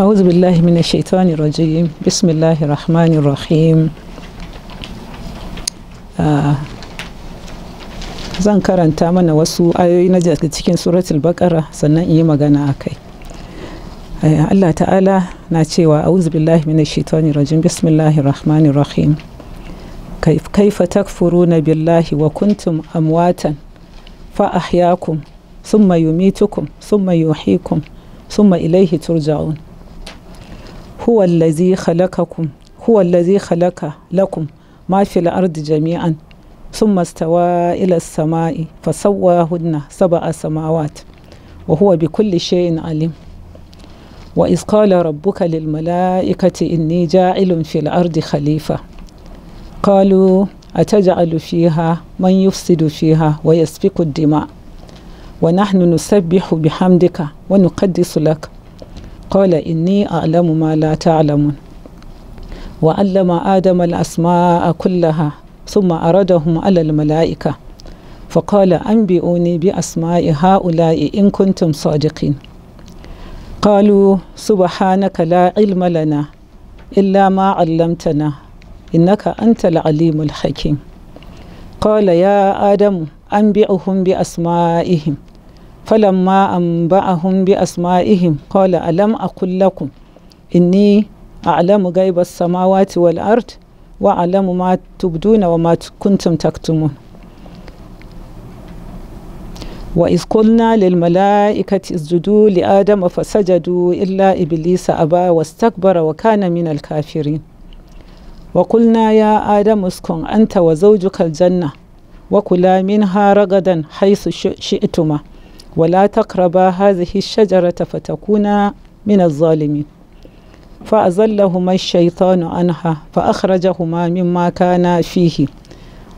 أعوذ بالله من الشيطان الرجيم بسم الله الرحمن zan karanta mana wasu ayoyi na daga cikin suratul bakara sannan yi magana a kai eh, Allah ta'ala na cewa a'udhu billahi minash shaitani rajim bismillahir rahmanir rahim kaifa takfuruna billahi wa kuntum amwatan fa ahyakum thumma yumitukum thumma yuhyikum thumma ilayhi turja'un هو الذي خلقكم هو الذي خلق لكم ما في الأرض جميعا ثم استوى إلى السماء فسواهن سبع سماوات وهو بكل شيء عليم وإذ قال ربك للملائكة إني جاعل في الأرض خليفة قالوا أتجعل فيها من يفسد فيها ويسفك الدماء ونحن نسبح بحمدك ونقدس لك قال إني أعلم ما لا تعلمون وعلم آدم الأسماء كلها ثم أردهم على الملائكة فقال أنبئوني بأسماء هؤلاء إن كنتم صادقين قالوا سبحانك لا علم لنا إلا ما علمتنا إنك أنت العليم الحكيم قال يا آدم أنبئهم بأسمائهم falamma anba'ahum bi asma'ihim qala alam aqul lakum inni a'lamu ghaiba as-samawati wal art wa a'lamu ma tubduna wa ma kuntum wa iz qulna lil mala'ikati isjudu li adama fasajadu illa iblisa aba wastakbara wa kana min al kafirin wa qulna ya adamu uskun anta wa zawjuka janna wa kula minha gadon haisu shi'tuma shi ولا تقربا هذه الشجرة فتكونا من الظالمين فأزلهما الشيطان عنها فأخرجهما مما كانا فيه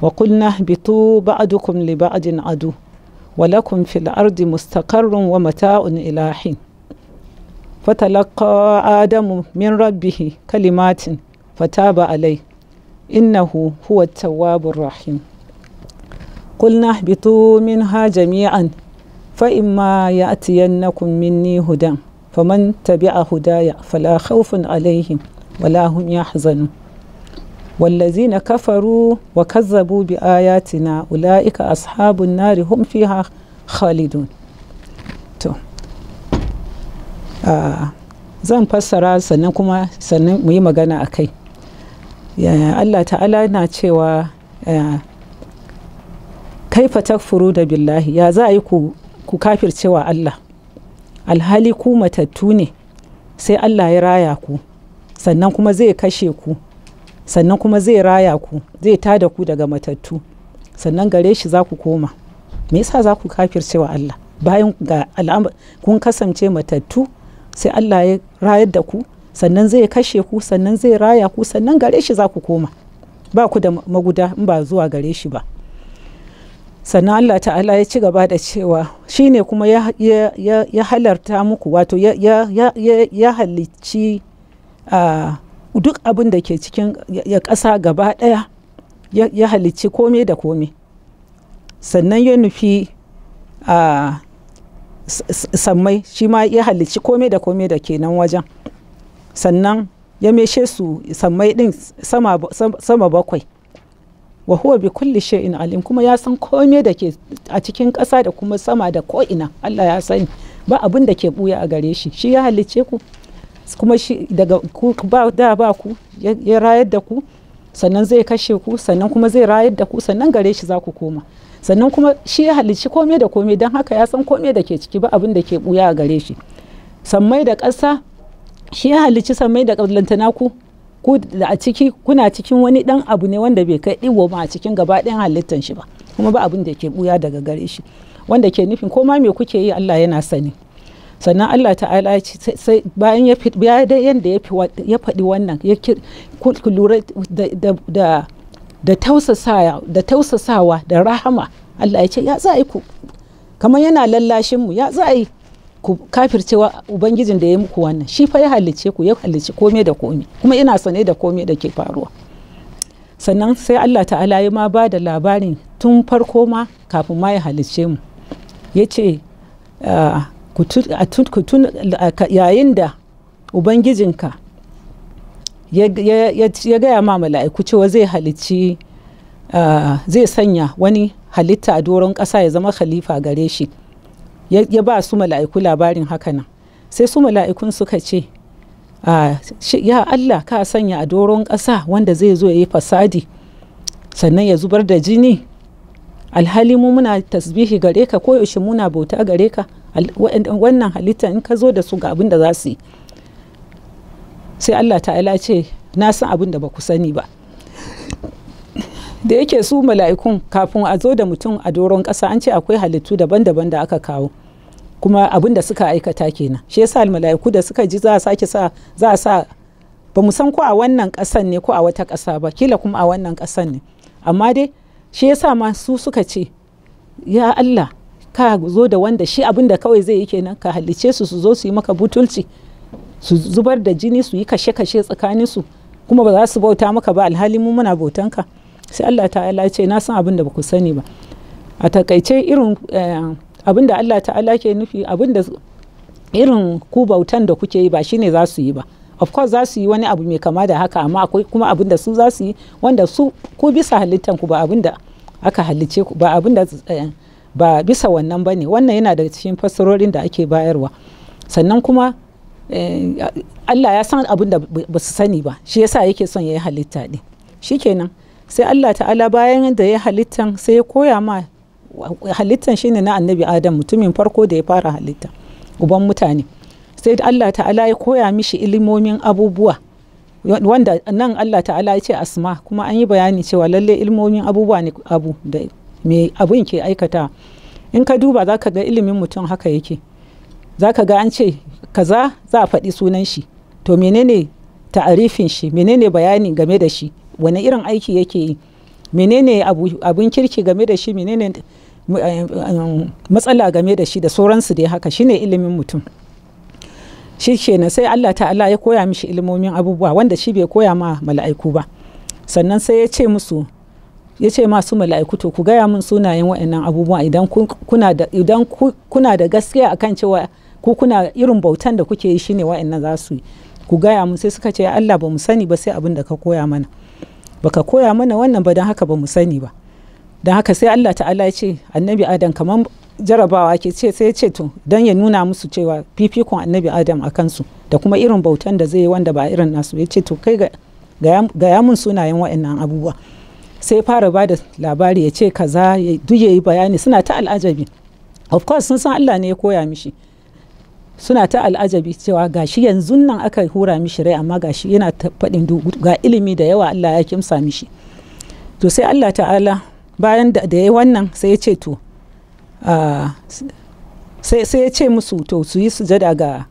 وقلنا اهبطوا بعضكم لبعض عدو ولكم في الأرض مستقر ومتاع إلى حين فتلقى آدم من ربه كلمات فتاب عليه إنه هو التواب الرحيم قلنا اهبطوا منها جميعا فإما يأتينكم مني هدى فمن تبع هداي فلا خوف عليهم ولا هم يحزنون والذين كفروا وكذبوا بآياتنا أولئك أصحاب النار هم فيها خالدون to zan fassara sannan kuma sannan mu yi magana a kai Allah ta'ala na cewa kaifa takfuru da billahi ya za a yi ku ku wa Allah alhali ku matattu ne sai Allah ya raya ku sannan kuma zai kashe ku sannan kuma zai raya ku zai tada ku daga matattu sannan gare shi za ku koma me yasa za ku wa Allah bayan ga kun kasance matattu sai Allah ya rayar da ku sannan zai kashe ku sannan zai raya ku sannan gare shi za ku koma ba ku da maguda in ba zuwa gare shi ba sannan Allah ta'ala ya ci gaba da cewa shi ne kuma ya, halarta muku wato ya, halicci duk abin da ke cikin ya ƙasa gaba ɗaya ya, halicci kome da kome sannan ya nufi sammai shi ma ya halicci kome da kome da ke nan wajen sannan ya meshe su sammai ɗin sama bakwai wa huwa bi kulli shay'in alim kuma ya san komai da ke a cikin ƙasa da kuma sama da ko ina Allah ya sani ba abin da ke buya a gare shi shi ya halicce ku kuma shi daga ku ba da ba ku ya rayar da ku sannan zai kashe ku sannan kuma zai rayar da ku sannan gare shi za ku koma sannan kuma shi ya halicci komai da komai don haka ya san komai da ke ciki ba abin da ke buya a gare shi sammai da ƙasa shi ya halicci sammai da lantana ku ku a ciki kuna cikin wani dan abu ne wanda bai kai diwo ma a cikin gaba ɗayan halittan shi ba kuma ba abin da ke buya daga gare shi wanda ke nufin ko ma me kuke yi Allah yana sani sannan Allah ta'ala sai bayan ya yanda ya faɗi wannan ya lura da da tausasawa da tausasawa da rahama Allah ya ce ya za ku kamar yana lallashin mu ya za ku kafircewa ubangijin da ya muku wannan shi fa ya halice ku ya halice komai da komai kuma ina sane da komai da ke faruwa sannan sai Allah ta'ala ya ma ba da labarin tun farko ma kafin ma ya halice mu ya ce ah, yayin da ubangijinka ya gaya ma mala'iku cewa zai halici ah, zai sanya wani halitta a doron ƙasa ya zama khalifa gare shi ya ba su mala'iku labarin haka nan sai su mala'ikun suka ce ya Allah ka sanya a doron ƙasa wanda zai zo ya yi fasadi sannan ya zubar da jini alhali mu muna tasbihi gare ka yaushe muna bauta gare ka wannan halitta in ka zo da su ga abin da za su yi sai Allah ta'ala ce na san abin da ba ku sani ba da yake su mala'ikun kafin a zo da mutum a doron ƙasa an ce akwai halittu daban-daban da aka kawo kuma abin da suka aikata kenan shi yasa mala'iku da suka ji za a sake sa za a sa ba mu san ko a wannan ƙasan ne ko a wata kasa ba kila kuma a wannan ƙasan ne amma dai shi yasa ma su suka ce ya Allah ka zo da wanda shi abin da kawai zai yi kenan ka halice su su zo su yi maka butulci su zubar da jini su yi kashe-kashe tsakaninsu kuma ba za su bauta maka ba alhali mu muna bautanka ka sai Allah ta'ala ce na san abin da ba ku sani ba a takaice irin eh, abin da Allah ta'ala ke nufi abin da irin ku bautan da kuke yi ba shine za su yi ba of course za su yi wani abu mai kama da haka amma akwai kuma abin da su za su yi wanda su ku bisa halittan ku ba abin da aka halice ku ba abin da eh, ba bisa wannan bane wannan yana da cikin fassarorin da ake bayarwa sannan kuma eh, Allah ya san abin da ba su sani ba shi yasa yake son ya yi halitta ɗin shikenan sai Allah ta'ala bayan da ya halittan sai ya koya ma halittan shine na annabi adam mutumin farko da ya fara halitta uban mutane sai Allah ta'ala ya koya mishi ilimomin abubuwa wanda nan Allah ta'ala ya ce asma kuma an yi bayani cewa lalle ilimomin abubuwa ne abu da me abun ke aikata in ka duba za ka ga ilimin mutum haka yake za ka ga an ce kaza za a faɗi sunan shi to menene ta'arifin shi menene bayani game da shi wani irin aiki yake yi menene abin kirki game da shi menene eh, matsala game da shi da sauransu dai haka shine ilimin mutum shi kenan sai Allah ta'ala ya koya mishi ilimomin abubuwa wanda shi bai koya ma mala'iku ba sannan sai ya ce musu ya ce masu mala'iku to ku gaya min sunayen wa'annan abubuwa idan kuna da idan kuna da gaskiya akan cewa ku kuna irin bautan da kuke yi shine wa'annan za su yi ku gaya mun sai suka ce Allah ba mu sani ba sai abin da ka koya mana baka koya mana wannan ba don haka ba mu sani ba don haka sai Allah ta'ala ya ce annabi adam kamar jarabawa ke ce sai ce to don ya nuna musu cewa fifikon annabi adam a kansu da kuma irin bautan da zai yi wanda ba irin nasu ya ce to kai ga ya sunayen waɗannan abubuwa sai fara ba da labari ya ce kaza duk ya yi bayani suna ta al'ajabi of course sun san Allah ne ya koya mishi suna ta al'ajabi cewa gashi yanzu nan aka hura mishi rai amma gashi yana faɗin ga ilimi da yawa Allah ya kimsa mishi to sai Allah ta'ala bayan da ya wannan sai ya ce to sai ya ce musu to su yi sujada ga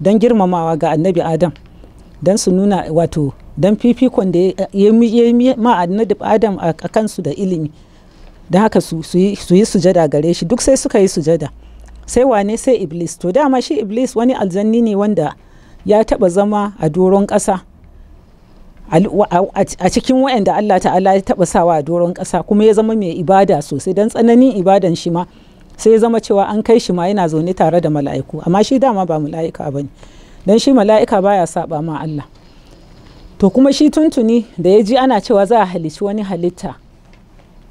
don girmamawa ga annabi adam don su nuna wato don fifikon da ya yi ma annabi adam a kansu da ilimi don haka su yi sujada gare shi duk sai suka yi sujada sai wane sai iblis to dama shi iblis wani aljanni ne wanda ya taba zama a doron ƙasa a cikin wa'anda Allah ta'ala ya taba sawa a doron kasa kuma ya zama mai ibada sosai don tsananin ibadan shi ma sai ya zama cewa an kai shi ma yana zaune tare da mala'iku amma shi dama ba mala'ika ba ne don shi mala'ika baya saba ma Allah to kuma shi tuntuni da ya ji ana cewa za a halici wani halitta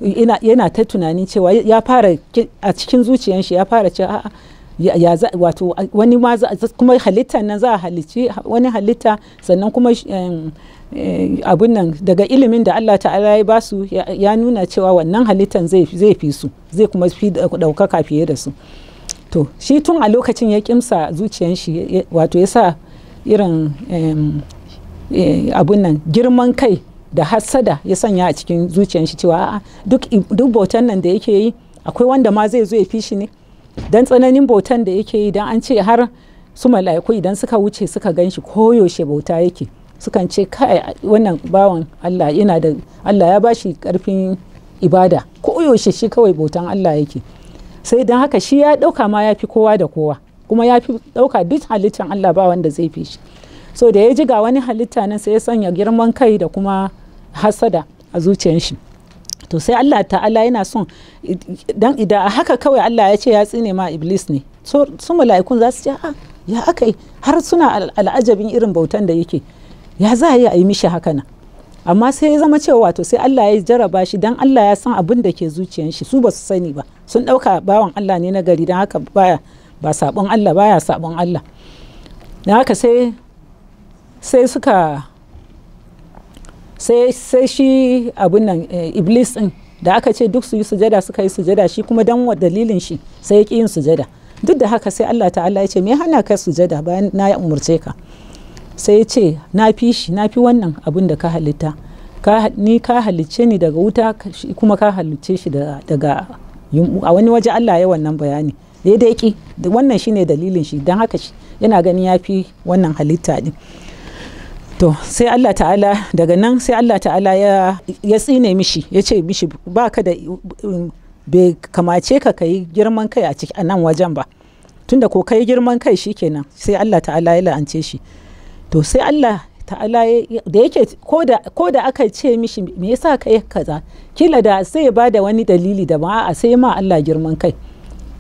yana ta tunanin cewa ya fara a cikin zuciyanshi shi ya fara cewa a'a ya wato wani ma kuma halitta nan za a halicci wani halitta sannan kuma eh, abun nan daga ilimin da Allah ta'ala ya ba su ya nuna cewa wannan halittan zai fi su zai kuma fi daukaka fiye da su to shi tun a lokacin ya kimsa zuciyar shi wato ya sa irin eh, abun nan girman kai da hassada ya sanya a cikin zuciyar shi cewa a'a duk bautan nan da yake yi akwai wanda ma zai zo ya fi shi ne dan tsananin bautan da yake yi dan an ce har su mala'iku idan suka wuce suka gan shi koyaushe bauta yake sukan ce kai wannan bawan Allah yana da Allah ya bashi karfin ibada koyaushe shi kawai bautan Allah yake sai dan haka shi ya dauka ma ya fi kowa da kowa kuma ya fi dauka duk halittar Allah ba wanda zai fi shi so da ya ji ga wani halitta nan sai ya sanya girman kai da kuma hasada a zuciyar shi to sai Allah ta'ala yana son dan idan haka kawai Allah ya ce ya tsine ma iblis ne su mala'ikun za su ce a ah, ya aka har suna al'ajabin irin bautan da yake ya za a yi a yi mishi haka nan amma sai ya zama cewa wato sai Allah ya jaraba shi dan Allah ya san abin da ke zuciyar shi su ba su sani ba sun ɗauka bawan Allah ne na gari dan haka baya ba sabon Allah baya sabon Allah dan haka sai sai suka sai shi abin nan eh, iblis din da aka ce duk su yi sujada suka yi sujada shi kuma dan dalilin shi sai ya ki yin sujada duk da haka sai Allah ta'ala ya ce me hana ka sujada bayan na ya umurce ka sai ya ce na fi shi na fi wannan abun da ka halitta ni ka halicce ni daga wuta kuma ka halicce shi daga a wani waje Allah ya wannan bayani daidai ki wannan shine dalilin shi don haka shi yana ganin ya fi wannan halitta din to sai Allah ta'ala daga nan sai Allah ta'ala ya ya tsine mishi ya ce mishi ba ka da bai kamace ka kai girman kai a ciki a nan wajen ba tunda ko kai girman kai shikenan sai Allah ta'ala ya la'ance shi to sai Allah ta'ala da yake ko da aka ce mishi me yasa kai kaza kila da sai ya bada wani dalili da ba a sai ma Allah girman kai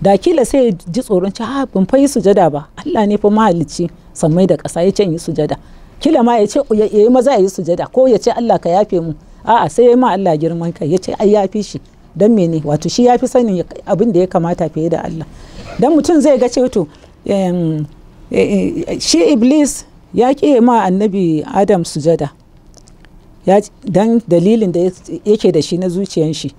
da kila sai ya ji tsoron ci ha ah, ban fa yi sujada ba Allah ne fa mahalicci sammai da ƙasa ya ce yi sujada kila ma ya ce ya yi maza ya yi sujada ko ya ce Allah ka yafe mu a'a sai ya ma Allah girman kai ya ce ai yafi shi dan mene wato shi yafi sanin abin da ya kamata fiye da Allah dan mutum zai ga ceto to e, e, shi iblis ya ki ma annabi adam sujada dan dalilin da yake da shi na zuciyar shi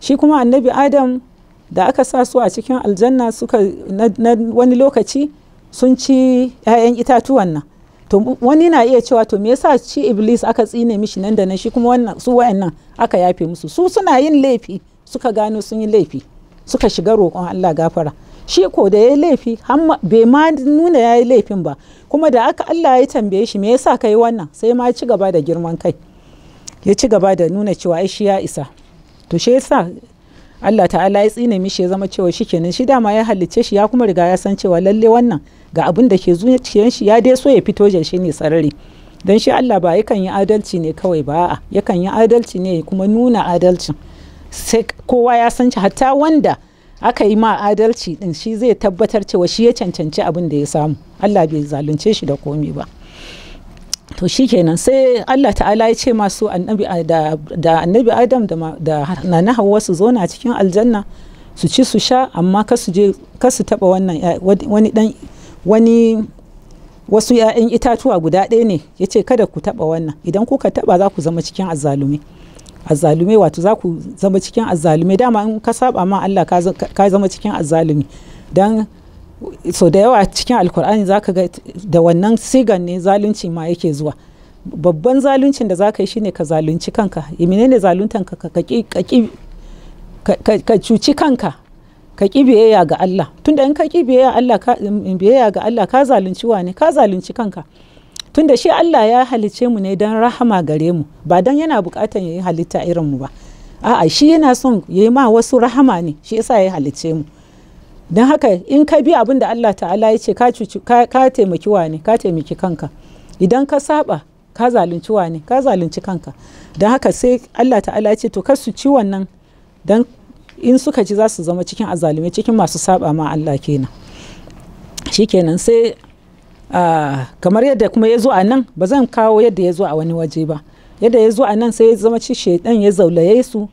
shi kuma annabi adam da aka sa su a cikin aljanna suka na wani lokaci sun ci 'ya'yan itatuwan nan to wani na iya cewa to me yasa ci iblis aka tsine mishi nan da nan shi kuma wannan su wayannan aka yafe musu su suna yin laifi suka gano sun yi laifi suka shiga roƙon Allah gafara shi ko da ya laifi bai ma nuna ya laifin ba kuma da aka Allah ya tambaye shi me yasa ka yi wannan sai ma ci gaba da girman kai ya ci gaba da nuna cewa ai shi ya isa to shi yasa Allah ta'ala ya tsine mishi ya zama cewa shikenan shi dama ya halicce shi ya kuma riga ya san cewa lalle wannan ga abin da ke zuciyan shi ya dai so ya fito jar shi ne sarari dan shi Allah ba yakan yi adalci ne kawai ba a yakan yi adalci ne kuma nuna adalcin sai kowa ya san shi hatta wanda aka yi ma adalci din shi zai tabbatar cewa shi ya cancanci abin da ya samu Allah bai zalunce shi da komi ba to shikenan sai Allah ta'ala ya ce masu annabi da annabi Adam da na Hawwa su zo cikin aljanna su ci su sha amma kasu je taba wani dan wani wasu 'ya'yan itatuwa guda ɗaya ne ya ce kada ku taba wannan idan kuka taba za ku zama cikin azalume azalume wato za ku zama cikin azalume dama in ka saba ma Allah ka zama cikin azalume dan so da yawa cikin alkur'ani zaka ga da wannan sigan ne zalunci ma yake zuwa babban zaluncin da zaka yi shine ka zalunci kanka eh, ne zaluntan ka ka cuci kanka ka ki biyayya ga Allah tunda in ka ki biyayya ga Allah ka zalunci ne ka zalunci kanka tunda shi Allah ya halice mu ne don rahama gare mu ba don yana bukatan ya yi halitta irin mu ba a'a shi yana son ya yi ma wasu rahama ne shi yasa ya halice mu don haka in ka bi abin da Allah ta'ala ya ce ka taimaki wane ka taimaki kanka idan ka saba ka zalunci wane ka zalunci kanka don haka sai Allah ta'ala ya ce to kasu su ci wannan don in suka ci za su zama cikin azalume cikin masu saba ma Allah kenan shikenan sai kamar yadda kuma ya zo a nan ba zan kawo yadda ya zo a wani waje ba yadda ya zo a nan sai ya zama ci shaidan ya zaulaye su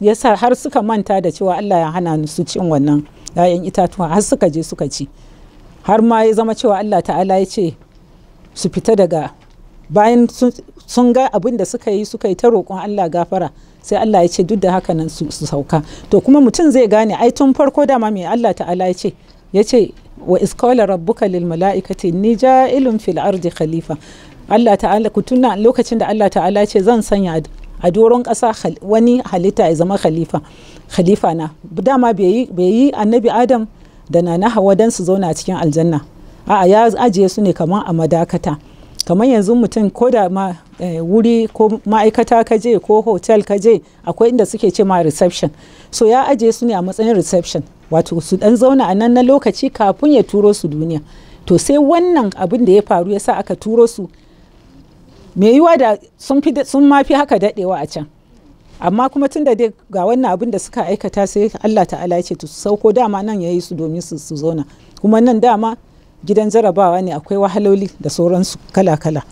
ya sa har suka manta da cewa Allah ya hana su cin wannan 'ya'yan itatuwa har suka je suka ci har ma ya zama cewa Allah ta'ala ya ce su fita daga bayan sun ga abin da suka yi suka yi ta roƙon Allah gafara sai Allah ya ce duk da haka nan su sauka to kuma mutum zai gane ai tun farko dama mai Allah ta'ala ya ce ya ce wa iskola rabbuka lil mala'ikati ni ja'ilun fil ardi khalifa Allah ta'ala ku tuna lokacin da Allah ta'ala ce zan sanya a doron ƙasa wani halitta ya zama khalifa khalifa na dama bai yi annabi adam da na hawa dan su zauna cikin aljanna a ya ajiye su ne kamar a madakata kamar yanzu mutum ko da ma eh, wuri ko ma'aikata ka je ko hotel ka je akwai inda suke ce ma reception so ya ajiye su ne a matsayin reception wato su dan zauna a nan na lokaci kafin ya turo su duniya to sai wannan abin da ya faru ya sa aka turo su mai yiwa da sun ma fi haka dadewa a can amma kuma tun da dai ga wannan abin da suka aikata sai Allah ta'ala ya ce to sauko dama nan yayi su domin su su zauna kuma nan dama gidan jarabawa ne akwai wahaloli da sauransu kala-kala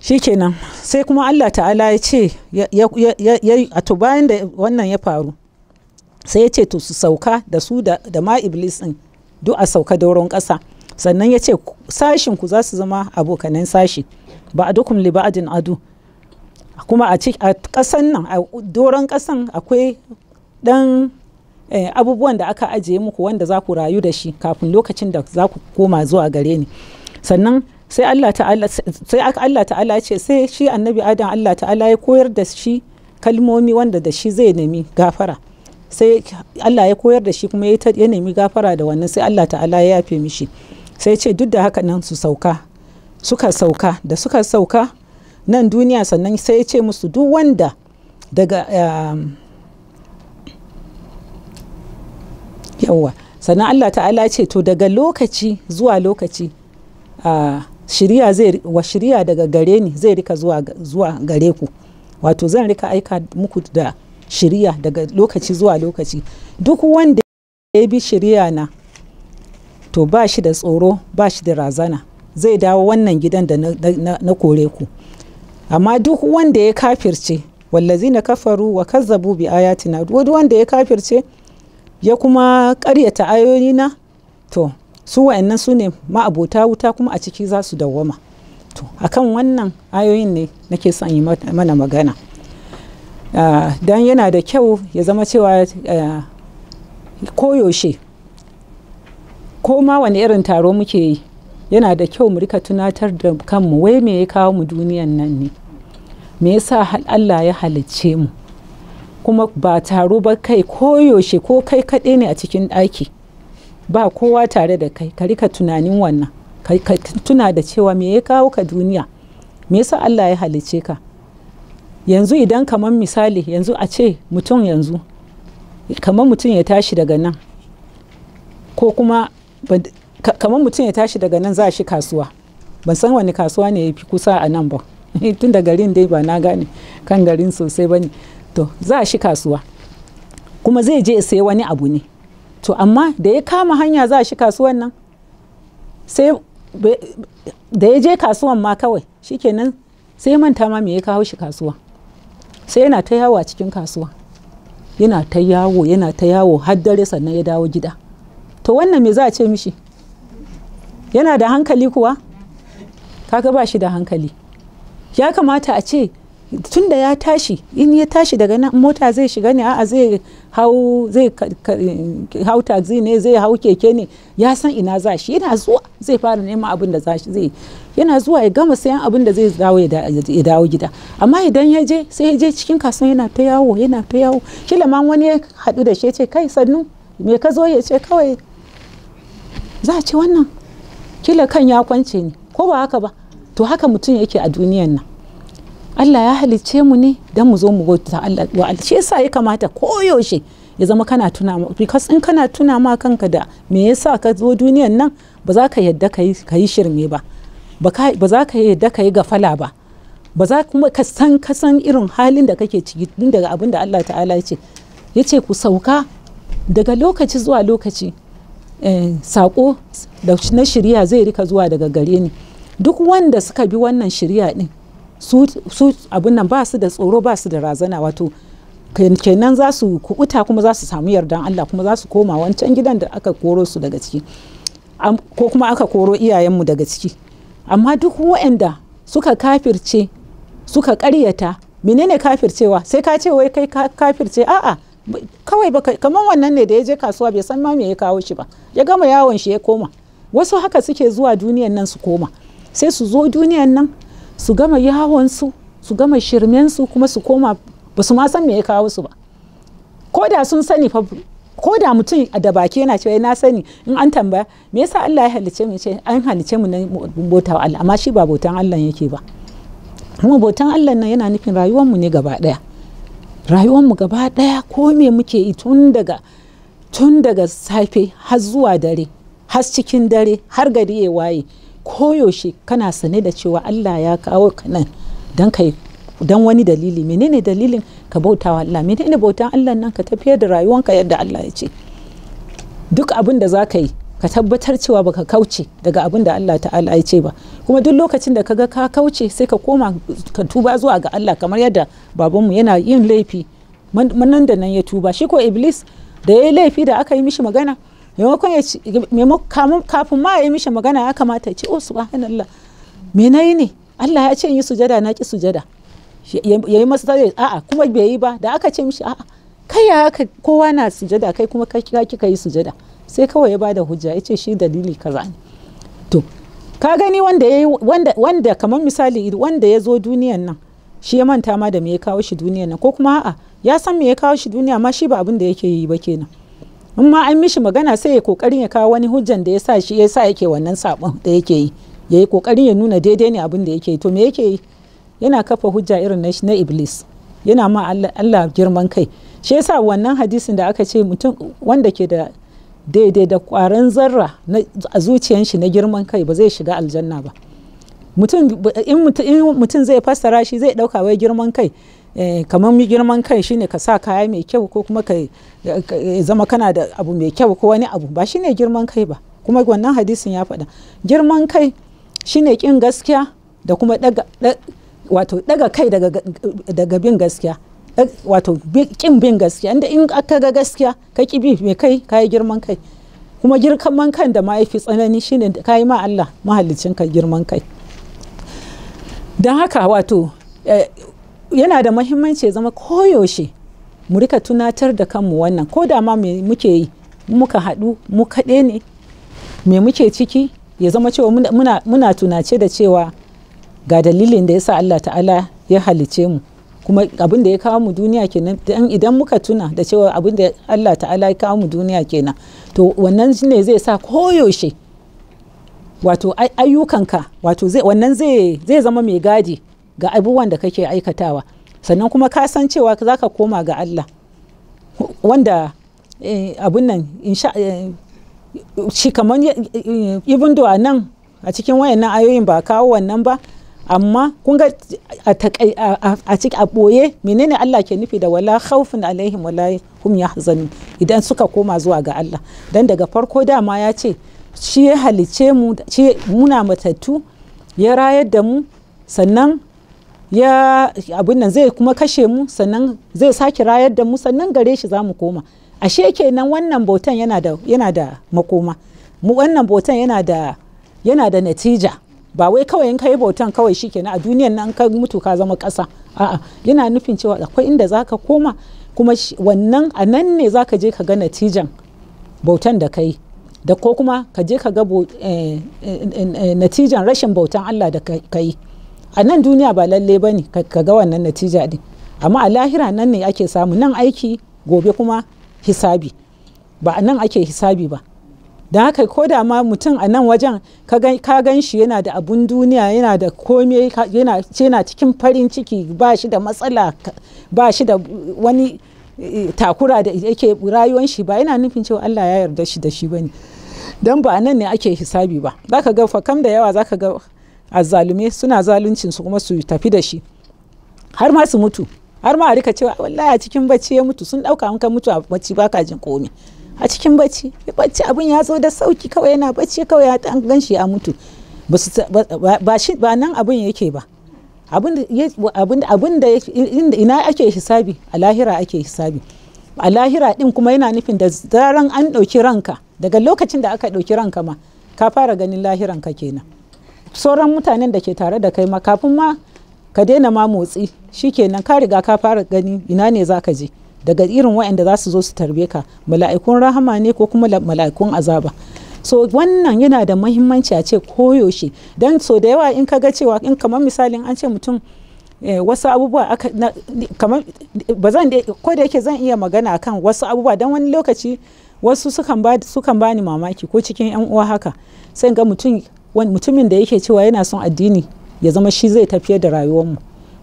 shikenan sai kuma Allah ta'ala ya ce a to bayan da wannan ya faru sai ya ce to su sauka da su da ma iblis din duk a sauka dauron kasa sannan ya ce sashin ku za su zama abokanan sashi ba a dukun liba'adin adu kuma a kasan nan a doron kasan akwai ɗan eh, abubuwan da aka ajiye muku wanda za ku rayu da shi kafin lokacin da za ku koma zuwa gare ni sannan sai Allah ta'ala sai Allah ta'ala ce sai shi annabi Adam Allah ta'ala ya koyar da shi kalmomi wanda da shi zai nemi gafara sai Allah ya koyar da shi kuma ya nemi gafara da wannan sai Allah ta'ala ya yafe mishi sai ce duk da haka nan su sauka suka sauka da suka sauka nan duniya sannan sai ya ce musu duk wanda daga um, yawa sannan Allah ta'ala ce to daga lokaci zuwa lokaci uh, shirya zai wa shirya daga gare ni zai rika zuwa gare ku wato zan rika aika muku da shirya daga lokaci zuwa lokaci duk wanda ya bi shirya na to ba shi da tsoro ba shi da razana zai dawo wannan gidan da na kore ku amma duk wanda ya kafirce wallazi na kafaru wa kazzabu bi ayatina duk wanda ya kafirce ya kuma karyata ayoyina to su wa'annan su ne ma'abota wuta kuma a ciki za su dawwama to akan wannan ayoyin ne nake son yi mana magana ah, dan yana da kyau ya zama cewa ah, koyaushe ko ma wani irin taro muke yi yana da kyau mu rika tunatar da kanmu wai me ya kawo mu duniyan nan ne me yasa Allah ya halicce mu kuma ba taro ba kai koyaushe ko kai kaɗai ne a cikin ɗaki ba kowa tare da kai ka rika tunanin wannan ka tuna da cewa me ya kawo ka duniya me yasa Allah ya halicce ka yanzu idan kamar misali yanzu a ce mutum yanzu kamar mutum ya tashi daga nan ko kuma kamar mutum ya tashi daga nan za shi kasuwa ban san wani kasuwa ne ya fi kusa a nan ba tunda garin dai ba na gane kan garin sosai ba ne to za shi kasuwa kuma zai je sai wani abu ne to amma da ya kama hanya za shi kasuwan nan sai da ya je kasuwan ma kawai shikenan sai manta ma me ya kawo shi kasuwa sai yana ta yawo a cikin kasuwa yana ta yawo yana ta yawo har dare sannan ya dawo gida to wannan me za a ce mishi yana da hankali kuwa kaga ba shi da hankali ya kamata a ce tun da ya tashi in ya tashi daga nan mota zai shiga ne a'a zai hau zai hau taxi ne zai hau keke ne ya san ina za shi yana zuwa zai fara neman abin da za shi zai yana zuwa ya gama sayan abin da zai dawo ya dawo gida amma idan ya je sai ya je cikin kasuwa yana ta yawo yana ta yawo kila ma wani ya haɗu da shi ya ce kai sannu me ka zo ya ce kawai za a ce wannan kila kan ya kwance ne ko ba haka ba to haka mutum yake a duniyan nan Allah ya halicce mu ne don mu zo mu bauta Allah wa Allah shi yasa ya kamata koyaushe ya zama kana tuna ma because in kana tuna ma kanka da me yasa ka zo duniyan nan ba za ka yadda ka yi shirme ba ba za ka yadda ka yi gafala ba ba za kuma ka san ka san irin halin da kake ciki tun daga abin da Allah ta'ala ya ce ya ku sauka daga lokaci zuwa lokaci eh, sako da na shirya zai rika zuwa daga gare ni duk wanda suka bi wannan shirya din su abin nan ba su da tsoro ba su da razana wato kenan za su kuɓuta kuma za su samu yardan Allah kuma za su koma wancan gidan da aka koro su daga ciki ko kuma aka koro iyayenmu daga ciki amma duk wa'anda suka kafirce suka ƙaryata menene kafircewa sai ka ce wai kai kafirce a'a kawai baka kamar wannan ne da ya je kasuwa bai san ma me ya kawo shi ba ya gama yawon shi ya koma wasu haka suke zuwa duniyan nan su koma sai su zo duniyan nan su gama yawonsu su gama shirmensu kuma su koma ba su ma san me ya kawo su ba ko da sun sani fa ko da mutum a da baki yana cewa eh, na sani in an tambaya me yasa Allah ya halice mu ce an halice mu nan bauta Allah amma shi ba bautan Allah yake ba kuma bautan Allah nan yana nufin rayuwar mu ne gaba daya rayuwar mu gaba daya ko me muke yi tun daga tun daga safe har zuwa dare har cikin dare har gari ya waye koyaushe kana sane da cewa Allah ya kawo ka nan don kai don wani dalili menene dalilin ka bauta wa Allah menene bautan Allah nan ka tafiyar da rayuwanka yadda Allah ya ce duk abin da za ka yi ka tabbatar cewa baka kauce daga abin da Allah ta'ala ya ce ba kuma duk lokacin da ka ga ka kauce sai ka koma ka tuba zuwa ga Allah kamar yadda babanmu yana yin laifi nan da nan ya tuba shi ko iblis da ya yi laifi da aka yi mishi magana maimakon kafin ma ya yi mishi magana ya kamata ya ce oh, ba Allah me na yi ne Allah ya ce yi sujada na ki sujada ya yi masu tare a'a kuma bai yi ba da aka ce mishi a'a kai ya aka kowa na sujada kai kuma ka kika yi sujada sai kawai ya da hujja ya ce shi dalili kaza ne to ka gani wanda ya wanda wanda kamar misali wanda ya zo duniyan nan shi ya manta ma da me ya kawo shi duniyan nan ko kuma a'a ya san me ya kawo shi duniya ma shi ba abin da yake yi ba kenan in ma an mishi magana sai ya kokarin ya kawo wani hujjan da ya sa shi ya sa yake wannan sabon da yake yi ya yi kokarin ya nuna daidai ne abin da yake yi to me yake yi yana kafa hujja irin na na iblis yana ma Allah girman kai shi yasa wannan hadisin da aka ce mutum wanda ke da daidai da kwaran zarra a zuciyan shi na girman kai ba zai shiga aljanna ba mutum in mutum zai fassara shi zai dauka wai girman kai Eh, kamar girman kai shine ka sa kaya mai kyau ko kuma ka zama kana da abu mai kyau ko wani abu ba shine girman kai ba kuma wannan hadisin ya faɗa girman kai shine kin gaskiya da kuma daga kai daga bin gaskiya wato kin bin gaskiya inda in aka ga gaskiya ka ki bi mai kai ka yi girman kai kuma girman kan da ma yafi tsanani shine kayi ma Allah mahallicin ka girman kai don haka wato eh, yana da mahimmanci ya zama koyaushe mu rika tunatar da kanmu wannan ko da ma muke yi muka haɗu mu kaɗe ne me muke ciki ya zama cewa muna, muna tunace da cewa ga dalilin da ya sa Allah ta'ala ya halice mu kuma abin da ya kawo mu duniya kenan idan muka tuna da cewa abin da Allah ta'ala ya kawo mu duniya kenan to wannan ne zai sa koyaushe wato ayyukanka wato wannan zai zama mai gadi ga abubuwan da kake aikatawa sannan kuma ka san cewa za ka koma ga Allah wanda eh, abun nan eh, shi kamar ibn eh, a nan a cikin wayannan ayoyin ba kawo wannan ba amma kun ga a cikin a ɓoye menene Allah ke nufi da wala khawfin alaihim wala hum yahzanun idan suka koma zuwa ga Allah dan daga farko dama ya ce shi ya halice mu muna matattu ya rayar da mu sannan ya abin nan zai kuma kashe mu sannan zai sake rayar da mu sannan gare shi za mu koma ashe kenan wannan bautan yana da yana da makoma mu wannan bautan yana da yana da natija ba wai kawai in kai bautan kawai kenan a duniyan nan ka mutu ka zama ƙasa a'a yana nufin cewa akwai inda zaka koma kuma wannan a nan ne zaka je ka ga natijan bautan da kai da ko kuma ka je ka ga eh, eh, eh, natijan rashin bautan Allah da kai a nan duniya ba lalle ba ne ka ga wannan natija din amma a lahira nan ne ake samu nan aiki gobe kuma hisabi ba a nan ake hisabi ba don haka ko da ma mutum a nan wajen ka gan shi yana da abun duniya yana da kome yana cikin farin ciki ba shi da matsala ba shi da wani eh, takura da yake rayuwan shi ba yana nufin cewa Allah ya yarda shi da shi bane don ba nan ne ake hisabi ba za ka ga fakam da yawa za ka ga azzalume suna zaluncin su kuma su tafi da shi har ma su mutu har ma a rika cewa wallahi a cikin bacci ya mutu sun dauka an mutu a bacci baka jin komi a cikin bacci bacci abin ya zo da sauki kawai yana bacci kawai ya an gan shi ya mutu ba nan abin yake ba abin da ina ake hisabi a lahira ake hisabi a lahira din kuma yana nufin da zaran an ɗauki ranka daga lokacin da aka ɗauki ranka ma ka fara ganin lahiranka kenan sauran mutanen da ke tare da kai ma kafin ma ka daina ma motsi shi shikenan ka riga ka fara gani ina ne za ka je daga irin waɗanda za su zo su tarbe ka mala'ikun rahama ne ko kuma mala'ikun azaba so wannan yana da mahimmanci a ce koyoshi don so da yawa in ka ga cewa in kamar misalin an ce mutum eh, wasu abubuwa kamar ba zan ko da yake zan iya magana akan wasu abubuwa don wani lokaci wasu sukan ba ni mamaki ko cikin yan uwa haka sai ga mutum mutumin da yake cewa yana son addini ya zama shi zai tafiyar da rayuwar mu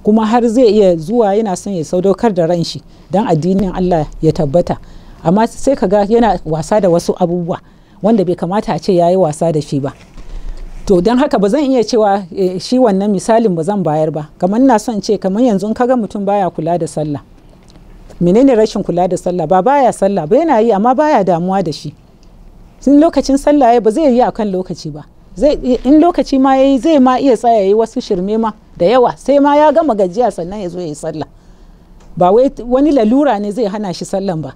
kuma har zai iya zuwa yana son ya saudaukar da ran shi don addinin Allah ya tabbata amma sai ka ga yana wasa da wasu abubuwa wanda bai kamata a ce ya yi wasa da shi ba to don haka ba zan iya cewa eh, shi wannan misalin ba zan bayar ba kamar na son ce kamar yanzu ka ga mutum baya kula da sallah menene rashin kula da sallah ba baya sallah ba yana yi amma baya damuwa da shi sun lokacin sallah ba zai yi akan lokaci ba in lokaci ma yayi zai ma iya tsaya yi wasu shirme ma da yawa sai ma ya gama gajiya sannan ya zo ya yi sallah ba wai wani lalura ne zai hana shi sallan ba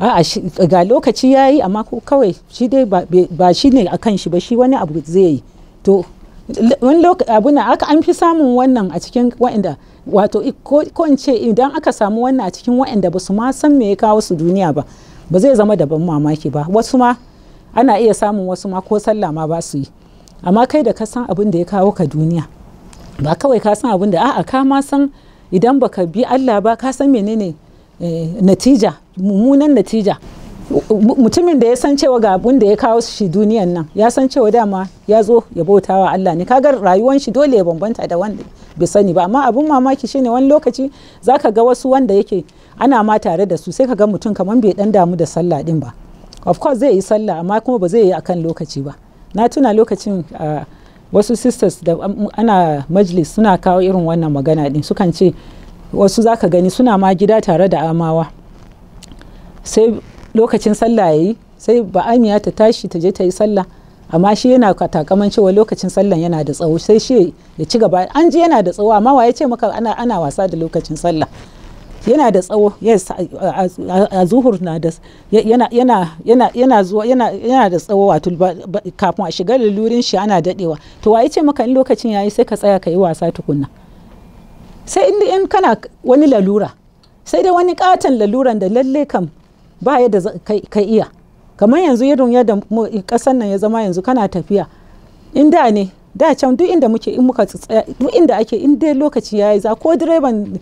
a'a ga lokaci yayi amma ko kawai shi dai ba shi ne akan shi ba shi wani abu zai yi to wani abu na aka an fi samun wannan a cikin wa'anda wato ko in ce idan aka samu wannan a cikin wa'anda ba su ma san me ya kawo su duniya ba ba zai zama da ban mamaki ba wasu ma ana iya samun wasu ma ko sallah ma ba su yi amma kai da ka san abin da ya kawo ka duniya ba kawai ka san abin da a'a ka ma san idan baka bi Allah ba ka san menene eh, natija mummunan natija mutumin da ya san cewa ga abin da ya kawo shi duniyan nan ya san cewa dama ya zo ya bauta wa Allah ne kaga rayuwan shi dole ya bambanta da wanda bai sani ba amma abin mamaki shine wani lokaci zaka ga wasu wanda yake ana ma tare da su sai ka ga mutum kamar bai dan damu da sallah din ba of course zai yi sallah amma kuma ba zai yi akan lokaci ba na tuna lokacin wasu sisters da um, ana majlis suna kawo irin wannan magana din sukan ce wasu za ka gani suna ma gida tare da amawa sai lokacin sallah ya yi sai ba'amiya ta tashi ta je ta yi sallah amma shi yana takaman cewa lokacin sallah yana da tsawo sai shi ya ci gaba an ji yana da tsawo amma ya ce maka ana wasa da lokacin sallah yana da tsawo a zuhur na da yana da tsawo wato kafin a shiga lalurin shi ana dadewa to wa ce maka in lokacin yayi sai ka tsaya ka yi wasa tukunna sai in kana wani lalura sai dai wani katon laluran da lalle kam ba yadda ka iya kamar yanzu irin yadda kasan nan ya zama yanzu kana tafiya in da ne da can duk inda muke in muka duk inda ake in dai lokaci yayi za ko direban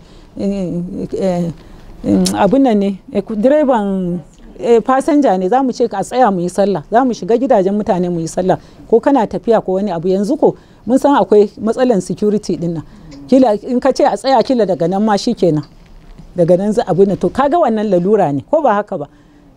abunan nan ne eh, direban eh, fasanja ne za mu ce a tsaya mu yi sallah za mu shiga gidajen mutane mu yi sallah ko kana tafiya ko wani abu yanzu ko mun san akwai matsalan security din nan kila in ka ce a tsaya kila daga nan ma shikenan daga nan za abu ne to kaga wannan lalura ne ko ba haka ba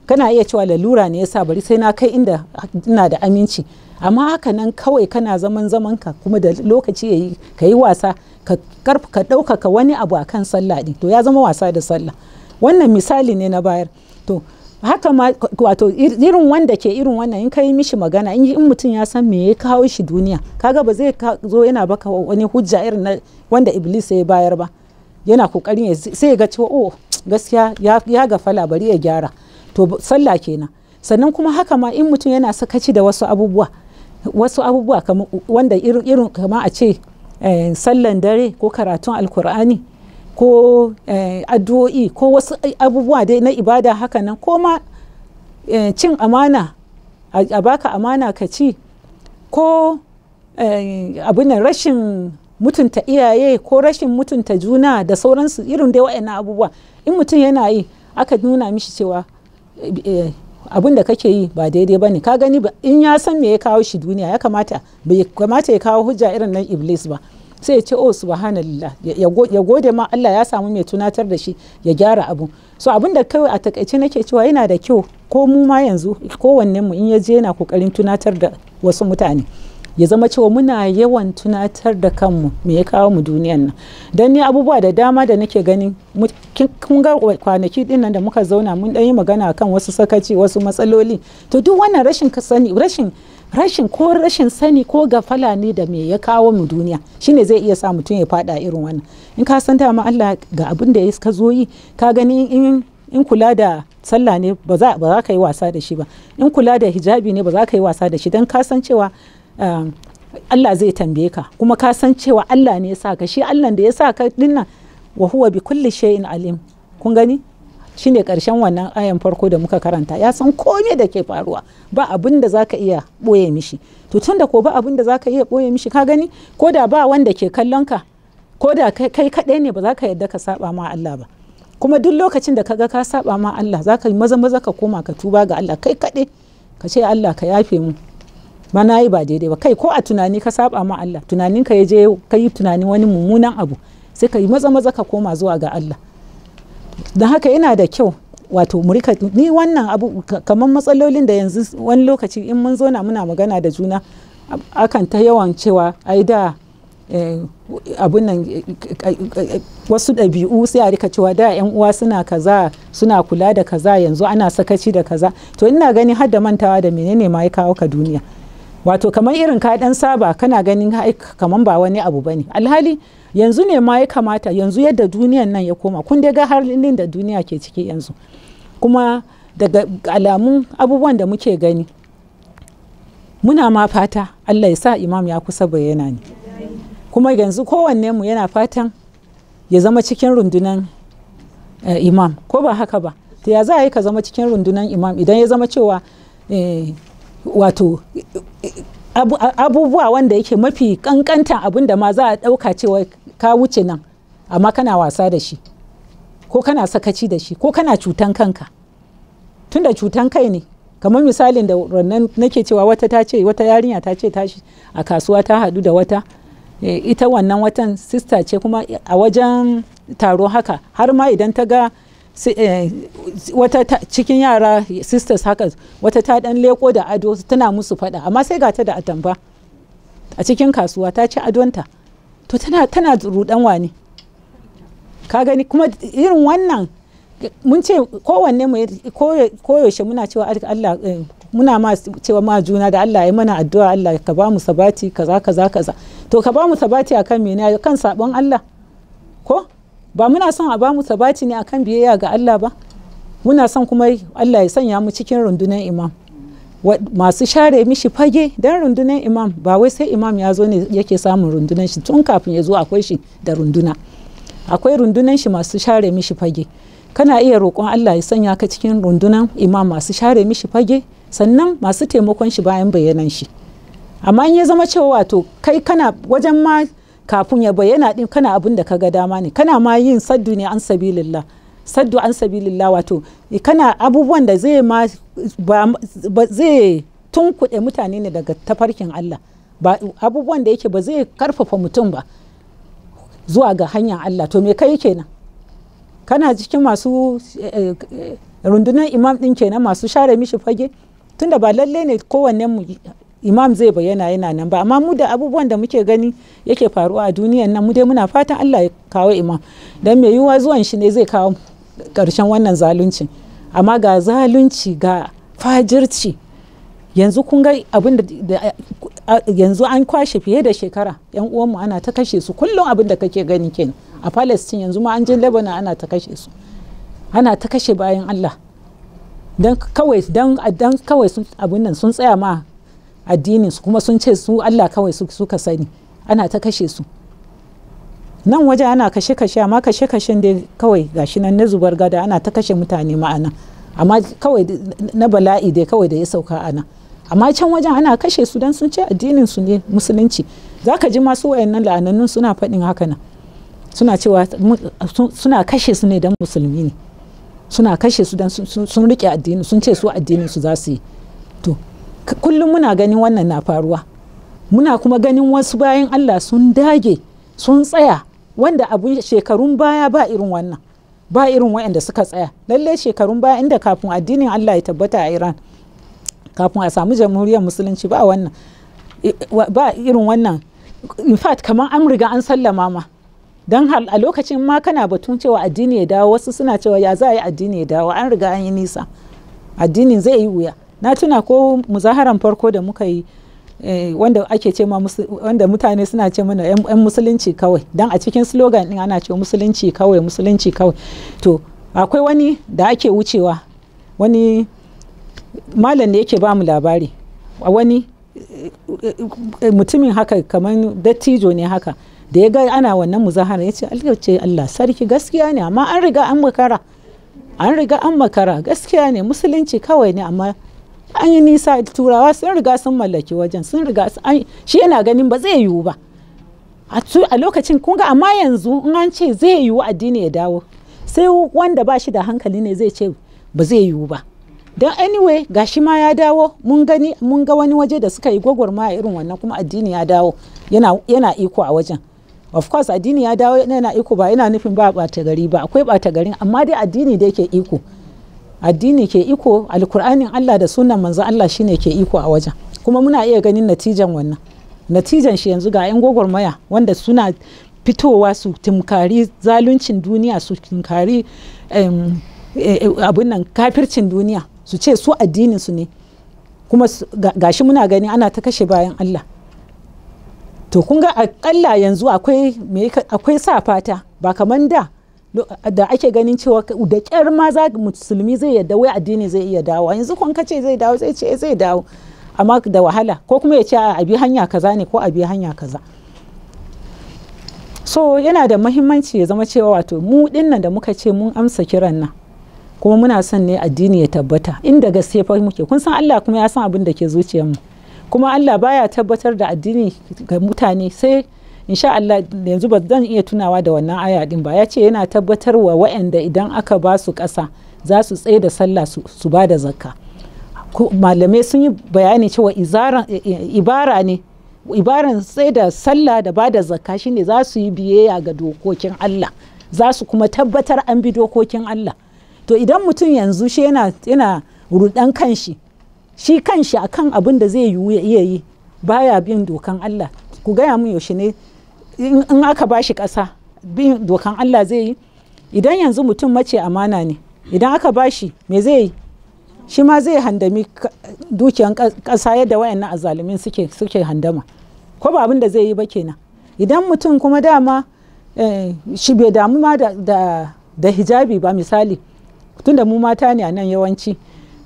kana iya cewa lalura ne yasa bari sai na kai inda ina da aminci amma haka nan kawai kana zaman zaman ka kuma da lokaci yayi ka yi wasa ka karf ka ɗaukaka wani abu akan sallah din to ya zama wasa da sallah wannan misali ne na bayar to haka ma wato irin wanda ke irin wannan in kai mishi magana in in mutum ya san me ya kawo shi duniya kaga ba zai zo yana baka wani hujja irin na wanda iblis ya bayar ba yana kokarin sai ya ga cewa oh gaskiya ya gafala bari ya gyara to sallah kenan sannan kuma haka ma in mutum yana sakaci da wasu abubuwa wasu abubuwa wanda irin kama a ce eh, sallan dare ko karatun alkur'ani ko eh, addu'o'i ko wasu abubuwa dai na ibada haka nan ko ma eh, cin amana a baka amana ka ci ko abin rashin mutunta iyaye ko rashin mutunta juna da sauransu irin dai wa'annan abubuwa in mutum yana yi aka nuna mishi cewa abin da kake yi ba daidai bane ka gani ba in ya san me ya kawo shi duniya ya kamata bai kamata ya kawo hujja irin nan iblis ba sai ya ce oh subhanallah ya gode ma Allah ya samu mai tunatar da shi ya gyara abu so abin da kawai a takaice nake cewa yana da kyau ko mu ma yanzu kowannen mu in ya je yana kokarin tunatar da wasu mutane ya zama cewa muna yawan tunatar da kanmu me ya kawo mu duniyan nan don ni abubuwa da dama da nake gani kun ga kwanaki dinnan da muka zauna mun dan yi magana kan wasu sakaci wasu matsaloli to duk wannan rashin sani rashin rashin ko rashin sani ko gafala ne da me ya kawo mu duniya shine zai iya sa mutum ya fada irin wannan in ka san ma Allah ga abin da ya ka zo yi ka gani in in kula da sallah ne ba za ka yi wasa da shi ba in kula da hijabi ne ba za ka yi wasa da shi don kasancewa cewa Um, Allah zai tambaye ka kuma ka san cewa Allah ne ya sa ka shi Allah da ya sa ka dinnan wa huwa bi kulli shay'in alim kun gani shine karshen wannan ayan farko da muka karanta ya san kome da ke faruwa ba abin da zaka iya boye mishi to tunda ko ba abin da zaka iya boye mishi ka gani ko da ba wanda ke kallon ka ko da kai kadai ne ba za ka yadda ka saba ma Allah ba kuma duk lokacin da ka ga ka saba ma Allah za ka maza maza ka koma ka tuba ga Allah kai kadai ka ce Allah ka yafe mu ba na yi ba daidai ba kai ko a tunani ka saba ma Allah tunanin ka ya je ka yi tunanin wani mummunan abu sai ka yi maza maza ka koma zuwa ga Allah don haka yana da kyau wato mu rika ni wannan abu kamar matsalolin da yanzu wani lokaci in mun zo muna magana da juna akan ta yawan cewa ai da eh, abun nan eh, eh, wasu ɗabi'u sai a rika cewa da 'yan uwa suna kaza suna kula da kaza yanzu ana sakaci da kaza to ina gani har da mantawa da menene ma ya kawo ka duniya wato kamar irin ka dan saba kana ganin kamar ba wani abu ba ne alhali yanzu ne ma ya kamata yanzu yadda duniyan nan ya koma kun dai ga halin da duniya ke ciki yanzu kuma daga alamun abubuwan da muke gani muna ma fata Allah ya sa imam ya kusa bayyana ne kuma yanzu kowanne mu yana fatan ya zama cikin rundunan eh, imam ko ba haka ba ta ya za a yi ka zama cikin rundunan imam idan ya zama cewa eh, wato abubuwa wanda yake mafi kankantan abin da ma za a ɗauka cewa ka wuce nan amma kana wasa da shi ko kana sakaci da shi ko kana cutan kanka tunda cutan kai ne kamar misalin da wannan nake cewa wata ta ce wata yarinya ta ce tashi a kasuwa ta haɗu da wata eh, ita wannan watan sista ce kuma a wajen taro haka har ma idan ta ga Eh, wata cikin yara sisters haka wata ta dan leko da ado tana musu fada amma sai gata da atamba a cikin kasuwa ta ci adonta to tana tana rudan wani ka gani kuma irin wannan mun ce kowanne mu koyaushe muna cewa Allah eh, muna ma cewa ma juna da Allah ya mana addu'a Allah ka ba mu sabati kaza kaza kaza to ka ba mu sabati akan mene kan sabon Allah ko ba muna son a bamu sabati ne akan biyayya ga Allah ba muna son kuma Allah ya sanya mu cikin rundunar imam masu share mishi fage don rundunar imam ba wai sai imam ya zo ne yake samun rundunar shi tun kafin ya zo akwai shi da runduna akwai rundunar shi masu share mishi fage kana iya roƙon Allah ya sanya ka cikin rundunar imam masu share mishi fage sannan masu taimakon shi bayan bayanan shi amma in ya zama cewa wato kai kana wajen ma kafin ya bayyana din kana abin da ka ga dama ne kana ma yin saddu ne an sabilillah saddu an sabilillah wato eh, kana abubuwan da zai ma ba zai tunkuɗe mutane ne daga tafarkin Allah ba abubuwan da yake ba zai karfafa mutum ba zuwa ga hanyar Allah to me kai kenan kana cikin masu eh, eh, rundunar imam din kenan masu share mishi fage tunda ba lalle ne kowanne mu imam zai bayyana yana nan ba amma mu da abubuwan da muke gani yake faruwa a duniyan nan mu dai muna fatan Allah ya kawo imam dan mai yiwuwa zuwan shi ne zai kawo karshen wannan zalunci amma ga zalunci ga fajirci yanzu kun ga abin da yanzu an kwashe fiye da shekara yan uwanmu ana ta kashe su kullum abin da kake gani kenan a Palestine yanzu ma an je Lebanon ana ta kashe su ana ta kashe bayan Allah dan kawai dan kawai sun abin nan sun tsaya ma addinin su kuma sun ce su Allah kawai suka sani ana ta kashe su nan waje ana kashe-kashe amma kashe-kashen dai kawai gashi nan na zubar gada ana ta kashe mutane ma'ana amma kawai na bala'i dai kawai da ya sauka ana amma can wajen ana kashe su don sun ce addinin su ne musulunci za ka ji masu wayannan la'anannun suna faɗin haka nan suna cewa suna kashe su ne don musulmi ne suna kashe su don sun rike addini sun ce su addinin su za su yi to kullum muna ganin wannan na faruwa muna kuma ganin wasu bayan Allah sun dage sun tsaya wanda abu shekarun baya ba irin wannan ba irin waɗanda suka tsaya lalle shekarun baya inda kafin addinin Allah ya tabbata a Iran kafin a samu jamhuriyar musulunci ba wannan ba irin wannan in fact kamar an riga an sallama ma don a lokacin ma kana batun cewa addini ya dawo wasu suna cewa ya za a yi addini ya dawo an riga an yi nisa addinin zai yi wuya na tuna ko muzaharan farko da muka yi eh, wanda ake ce wanda mutane suna ce mana yan musulunci kawai don a cikin slogan din ana ce musulunci kawai musulunci kawai to akwai wani da ake wucewa wani malam da yake ba mu labari wani eh, mutumin haka kamar dattijo ne haka da ya ga ana wannan muzahara ya ce Allah sarki gaskiya ne amma an riga an makara an riga an makara gaskiya ne musulunci kawai ne amma an yi nisa turawa sun riga sun mallaki wajen sun riga shi yana ganin ba zai yiwu ba a lokacin kun amma yanzu in an ce zai yiwu addini ya dawo sai wanda ba shi da hankali ne zai ce ba zai yiwu ba don anyway shi ma ya dawo mun gani mun ga wani waje da suka yi ma irin wannan kuma addini ya dawo yana, iko a wajen of course addini ya dawo yana iko ba yana nufin ba ɓata gari ba akwai ɓata garin amma dai addini da yake iko addini ke iko alkur'anin Allah da sunan manzo Allah shine ke iko a wajen kuma muna iya ganin natijan wannan natijan shi yanzu ga 'yan gwagwarmaya wanda suna fitowa su timkari zaluncin duniya su timkari e, e, abin kafircin duniya su ce su addinin su ne kuma gashi muna gani ana ta kashe bayan Allah to kun ga akalla yanzu akwai sa fata ba kamar da da ake ganin cewa da kyar ma za musulmi zai yadda wai addini zai iya dawo yanzu kun kace zai dawo zai ce eh, zai dawo amma da wahala ko kuma ya ce a bi hanya kaza ne ko a bi hanya kaza so yana da mahimmanci ya zama cewa wato mu dinnan da muka ce mun amsa kiran nan kuma muna son ne addini ya tabbata inda gaske fa muke kun san Allah kuma ya san abin da ke zuciyarmu kuma Allah baya tabbatar da addini ga mutane sai insha Allah yanzu ba zan iya tunawa da wannan aya din ba ya ce yana tabbatar wa waɗanda idan aka ba su ƙasa za su tsaye da sallah su ba da zakka malamai sun yi bayani cewa e, e, ibara ne ibaran tsaye da sallah da ba da zakka shine za su yi biyayya ga dokokin Allah za su kuma tabbatar an bi dokokin Allah to idan mutum yanzu shi yana yana rudan kanshi shi kanshi akan abin da zai yiwu ya yi baya bin dokan Allah ku gaya mun yaushe ne in aka bashi ƙasa bin dokan Allah zai yi idan yanzu mutum mace amana ne idan aka bashi me zai yi shi ma zai handami dukiyan kasa yadda wayannan azalumin suke suke handama ko ba abin da zai yi ba kenan idan mutum kuma dama eh, shi bai damu ma da hijabi ba misali tunda mu mata ne a nan yawanci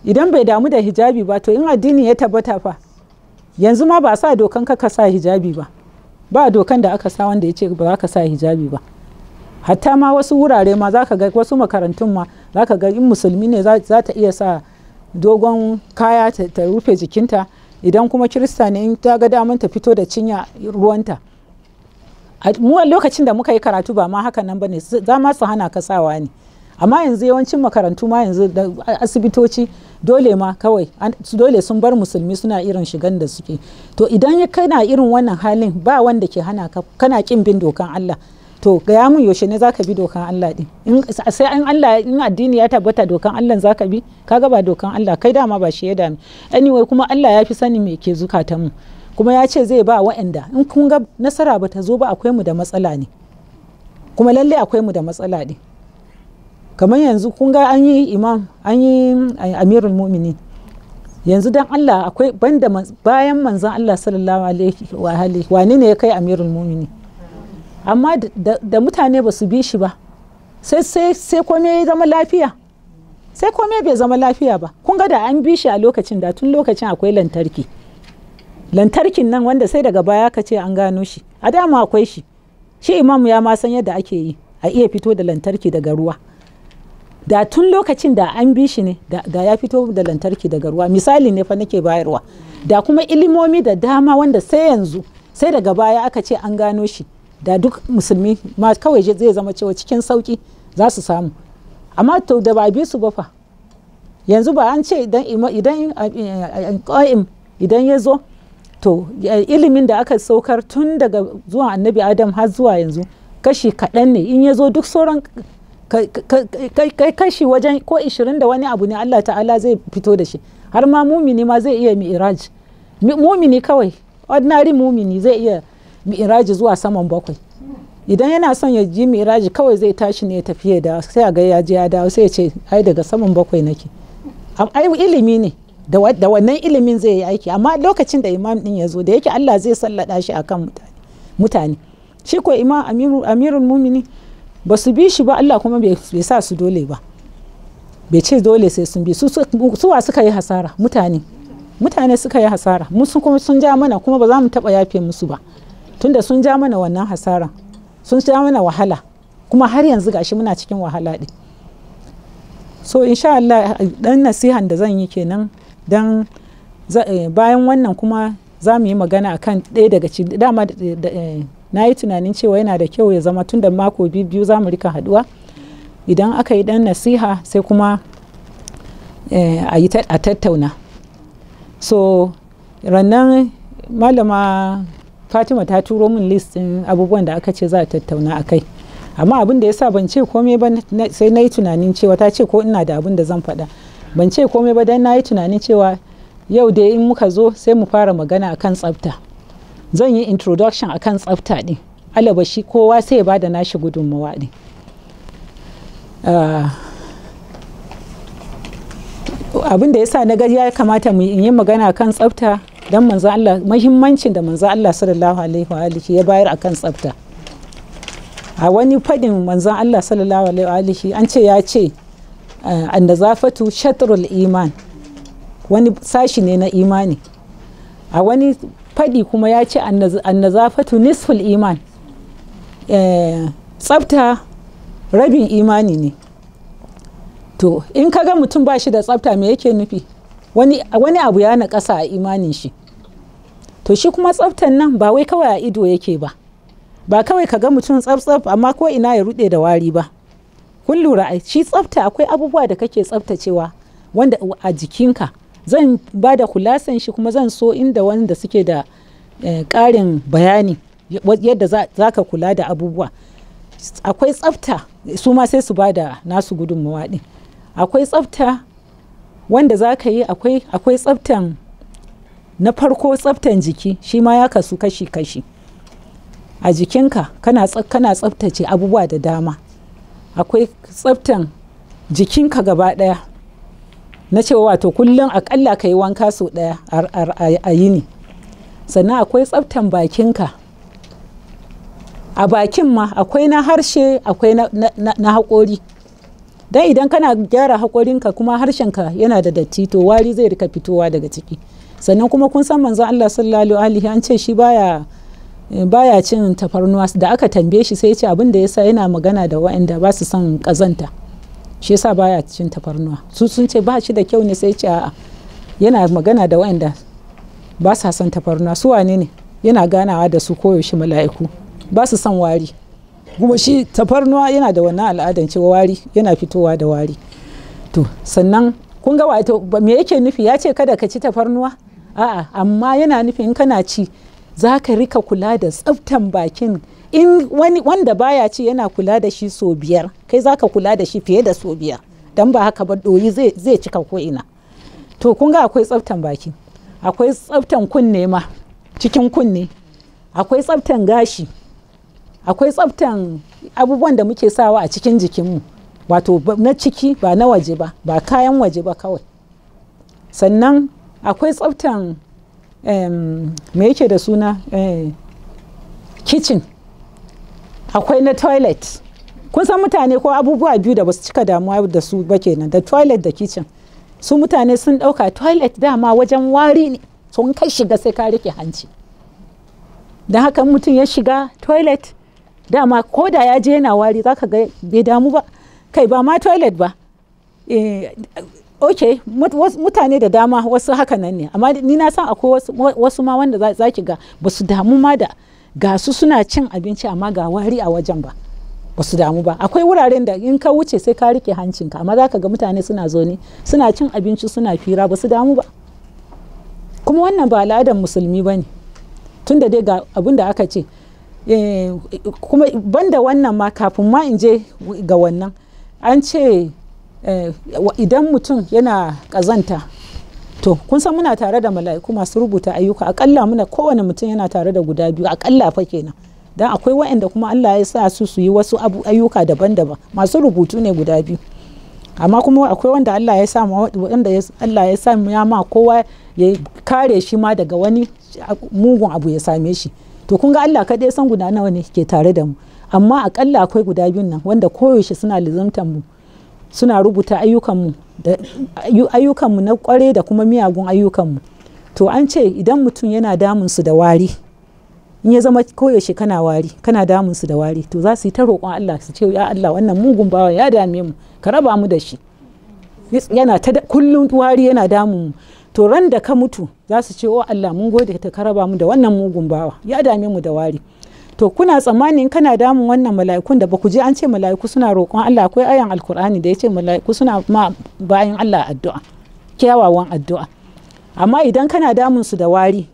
idan bai damu da hijabi ba to in addini ya tabbata fa yanzu ma ba sa dokan ka sa hijabi ba ba dokan da aka sa wanda ya ce ba za ka sa hijabi ba hatta ma wasu wurare ma za ka ga wasu makarantun ma za ka ga in musulmi ne za ta iya sa dogon kaya ta rufe jikinta idan kuma kirista ne in ta ga daman ta fito da cinya ruwanta mu lokacin da muka yi karatu ba ma haka nan ba ne za ma su hana kasawa ne amma yanzu yawancin makarantu ma yanzu da asibitoci dole ma kawai dole sun bar musulmi suna irin shigan da suke to idan ya kana irin wannan halin ba wanda ke hana ka kana kin bin dokan Allah to gaya mun yaushe ne zaka bi dokan Allah din sai in Allah in addini ya tabbata dokan Allah zaka bi kaga ba dokan Allah kai dama ba shi ya dami anyway kuma Allah ya fi sani me ke zukata mu kuma ya ce zai ba wa'anda in kun ga nasara ba ta zo ba akwai mu da matsala ne kuma lalle akwai mu da matsala din kamar yanzu kun ga an yi imam an yi eh, amirul mumini yanzu dan Allah akwai banda bayan manzan Allah sallallahu alaihi wa hali wani ne ya kai amirul mumini amma da mutane ba su bi shi ba sai sai komai ya zama lafiya sai kome bai zama lafiya ba kun ga da an bi shi a lokacin da tun lokacin akwai lantarki lantarkin nan wanda sai daga baya ka ce an gano shi a dama akwai shi shi imam ya ma san yadda ake yi a iya fito da lantarki daga ruwa da tun lokacin da an bi shi ne da ya fito da lantarki daga ruwa misali ne fa nake bayarwa da kuma ilimomi da dama wanda sai yanzu sai daga baya aka ce an gano shi da duk musulmi ma kawai zai zama cewa cikin sauki za su samu amma to da ba bi su ba fa yanzu ba an ce idan idan ya zo to ilimin da aka saukar tun daga zuwa annabi adam har zuwa yanzu kashi kaɗan ne in ya zo duk sauran kai kashi wajen ko 20 da wani abu ne Allah ta'ala zai fito da shi har ma mumini ma zai iya mi'iraj mumini kawai ordinary mumini zai iya mi'iraji zuwa saman bakwai idan yana son ya ji mi'iraji kawai zai tashi ne ya tafi da sai a ga ya ji ya dawo sai ya ce ai daga saman bakwai nake ai ilimi ne da wannan ilimin zai yi aiki amma lokacin da imam din ya zo da yake Allah zai sallada shi akan mutane mutane shi ko imam amirul mumini ba su bi shi ba Allah kuma bai sa su dole ba bai ce dole sai sun bi su suwa suka yi hasara mutane mutane suka yi hasara musu kuma sun ja mana kuma ba za mu taba yafe musu ba tunda sun ja mana wannan hasara sun ja mana wahala kuma har yanzu gashi muna cikin wahala din so insha Allah dan nasihan da zan yi kenan dan eh, bayan wannan kuma za mu yi magana akan ɗaya daga cikin dama eh, eh, na yi tunanin cewa yana da kyau ya zama tun da mako biyu za mu rika haduwa idan aka yi dan nasiha sai kuma eh, a tattauna so rannan malama fatima ta turo min listin abubuwan da aka ce za a tattauna a kai amma abin da ya sa ban ce komai ba sai na yi tunanin cewa ta ce ko ina da abin da zan faɗa ban ce komai ba dan na yi tunanin cewa yau dai in muka zo sai mu fara magana akan tsafta zan yi introduction akan tsafta ɗin alabashi kowa sai ya da nashi gudunmawa ɗin ah, abin da yasa na ya kamata mu yi magana kan tsafta don manzo Allah muhimmancin da manzo Allah sallallahu alaihi wa alihi ya bayar akan tsafta a wani fadin manzo Allah sallallahu alaihi wa alihi an ce ya ce ah, annazafatu shatrul iman wani sashi ne na imani a wani faɗi kuma ya ce annazafatu nisful iman eh, tsafta rabin imani ne to in ka ga mutum ba shi da tsafta me yake nufi wani abu ya na ƙasa a imanin shi to shi kuma tsaftan nan ba wai kawai a ido yake ba ba kawai ka ga mutum tsaf amma ko ina ya ruɗe da wari ba kun lura shi tsafta akwai abubuwa da kake tsaftacewa wanda a jikinka zan ba da kulasan shi kuma zan so inda wanda suke da eh, ƙarin bayani yadda za ka kula da abubuwa akwai tsafta su ma sai su ba da nasu gudunmawa ɗin akwai tsafta wanda za ka yi akwai tsaftan na farko tsaftan jiki shi ma ya kasu kashi-kashi a jikinka kana tsaftace abubuwa da dama akwai tsaftan jikinka gaba ɗaya na cewa wato kullum akalla ka yi wanka sau ɗaya a yini sannan akwai tsaftan bakinka a bakin ma akwai na harshe akwai na haƙori don idan kana gyara haƙorinka kuma harshenka yana da datti to wari zai rika fitowa daga ciki sannan kuma kun san manzon Allah sallallahu alaihi an ce shi baya baya cin tafarnuwa da aka tambaye shi sai ya ce abin da yasa yana magana da waɗanda ba su son kazanta. shi yasa baya cin tafarnuwa su sun ce ba shi da kyau ne sai ce a'a yana magana da wa'anda ba sa son tafarnuwa su wane ne yana ganawa da su koyaushe mala'iku ba su son wari kuma shi tafarnuwa yana da wannan al'adan cewa wari yana fitowa da wari to sannan kun ga wato me yake nufi ya ce kada ka ci tafarnuwa a'a amma yana nufi in kana ci za ka rika kula da tsaftan bakin in wani wanda baya ci yana kula da shi so biyar kai zaka kula da shi fiye da so biyar dan ba haka ba doyi zai cika ko ina to kun ga akwai tsaftan baki akwai tsaftan kunne ma cikin kunne akwai tsaftan gashi akwai tsaftan abubuwan da muke sawa a cikin jikinmu wato na ciki ba na waje ba ba kayan waje ba kawai sannan akwai tsaftan me yake da suna eh, kitchen akwai na toilet kun san mutane ko abubuwa biyu da basu cika damuwa da su ba kenan da toilet da kitchen su mutane sun ɗauka toilet dama wajen wari ne sun kai shiga sai ka rike hanci da haka mutum ya shiga toilet dama ko da ya je yana wari zaka ga bai damu ba kai ba ma toilet ba e, ok mutane da dama wasu haka nan ne amma ni na san akwai wasu, wasu ma wanda za ki ga ba damu ma da ga su suna cin abinci amma ga wari a wajen ba ba su damu ba akwai wuraren da in ka wuce sai ka rike hancinka amma za ka ga mutane suna zo ne suna cin abinci suna fira ba su damu ba kuma wannan ba al'adar musulmi ba ne tun da dai ga abin da aka ce eh, kuma banda wannan ma kafin ma in je ga wannan an ce eh, idan mutum yana ƙazanta to kun san muna tare da mala'iku masu rubuta ayyuka akalla muna kowane mutum yana tare da guda biyu akalla fa kenan dan akwai waɗanda kuma Allah ya sa su su yi wasu ayyuka daban-daban masu rubutu ne guda biyu amma kuma akwai wanda Allah ya sa wanda Allah ya sa ya ma kowa ya kare shi ma daga wani mugun abu ya same shi to kun ga Allah kaɗai san guda nawa ne ke tare da mu amma akalla akwai guda biyun nan wanda koyaushe suna lizumtan mu suna rubuta ayyukan mu ayyukanmu na kware da kuma miyagun ayyukanmu to an ce idan mutum yana damunsu da wari in ya zama koyaushe kana wari kana damunsu da wari to za su yi ta roƙon Allah su ce ya Allah wannan mugun bawa ya dame mu ka raba mu da shi yana ta kullum wari yana damun mu to ran da ka mutu za su ce o Allah mun gode ta ka raba mu da wannan mugun bawa ya dame mu da wari to kuna tsammanin kana damun wannan mala'ikun da ba ku je an ce mala'iku suna roƙon Allah akwai ayan alkur'ani da ya ce mala'iku suna ma bayan Allah addu'a kyawawan addu'a amma idan kana damun su da wari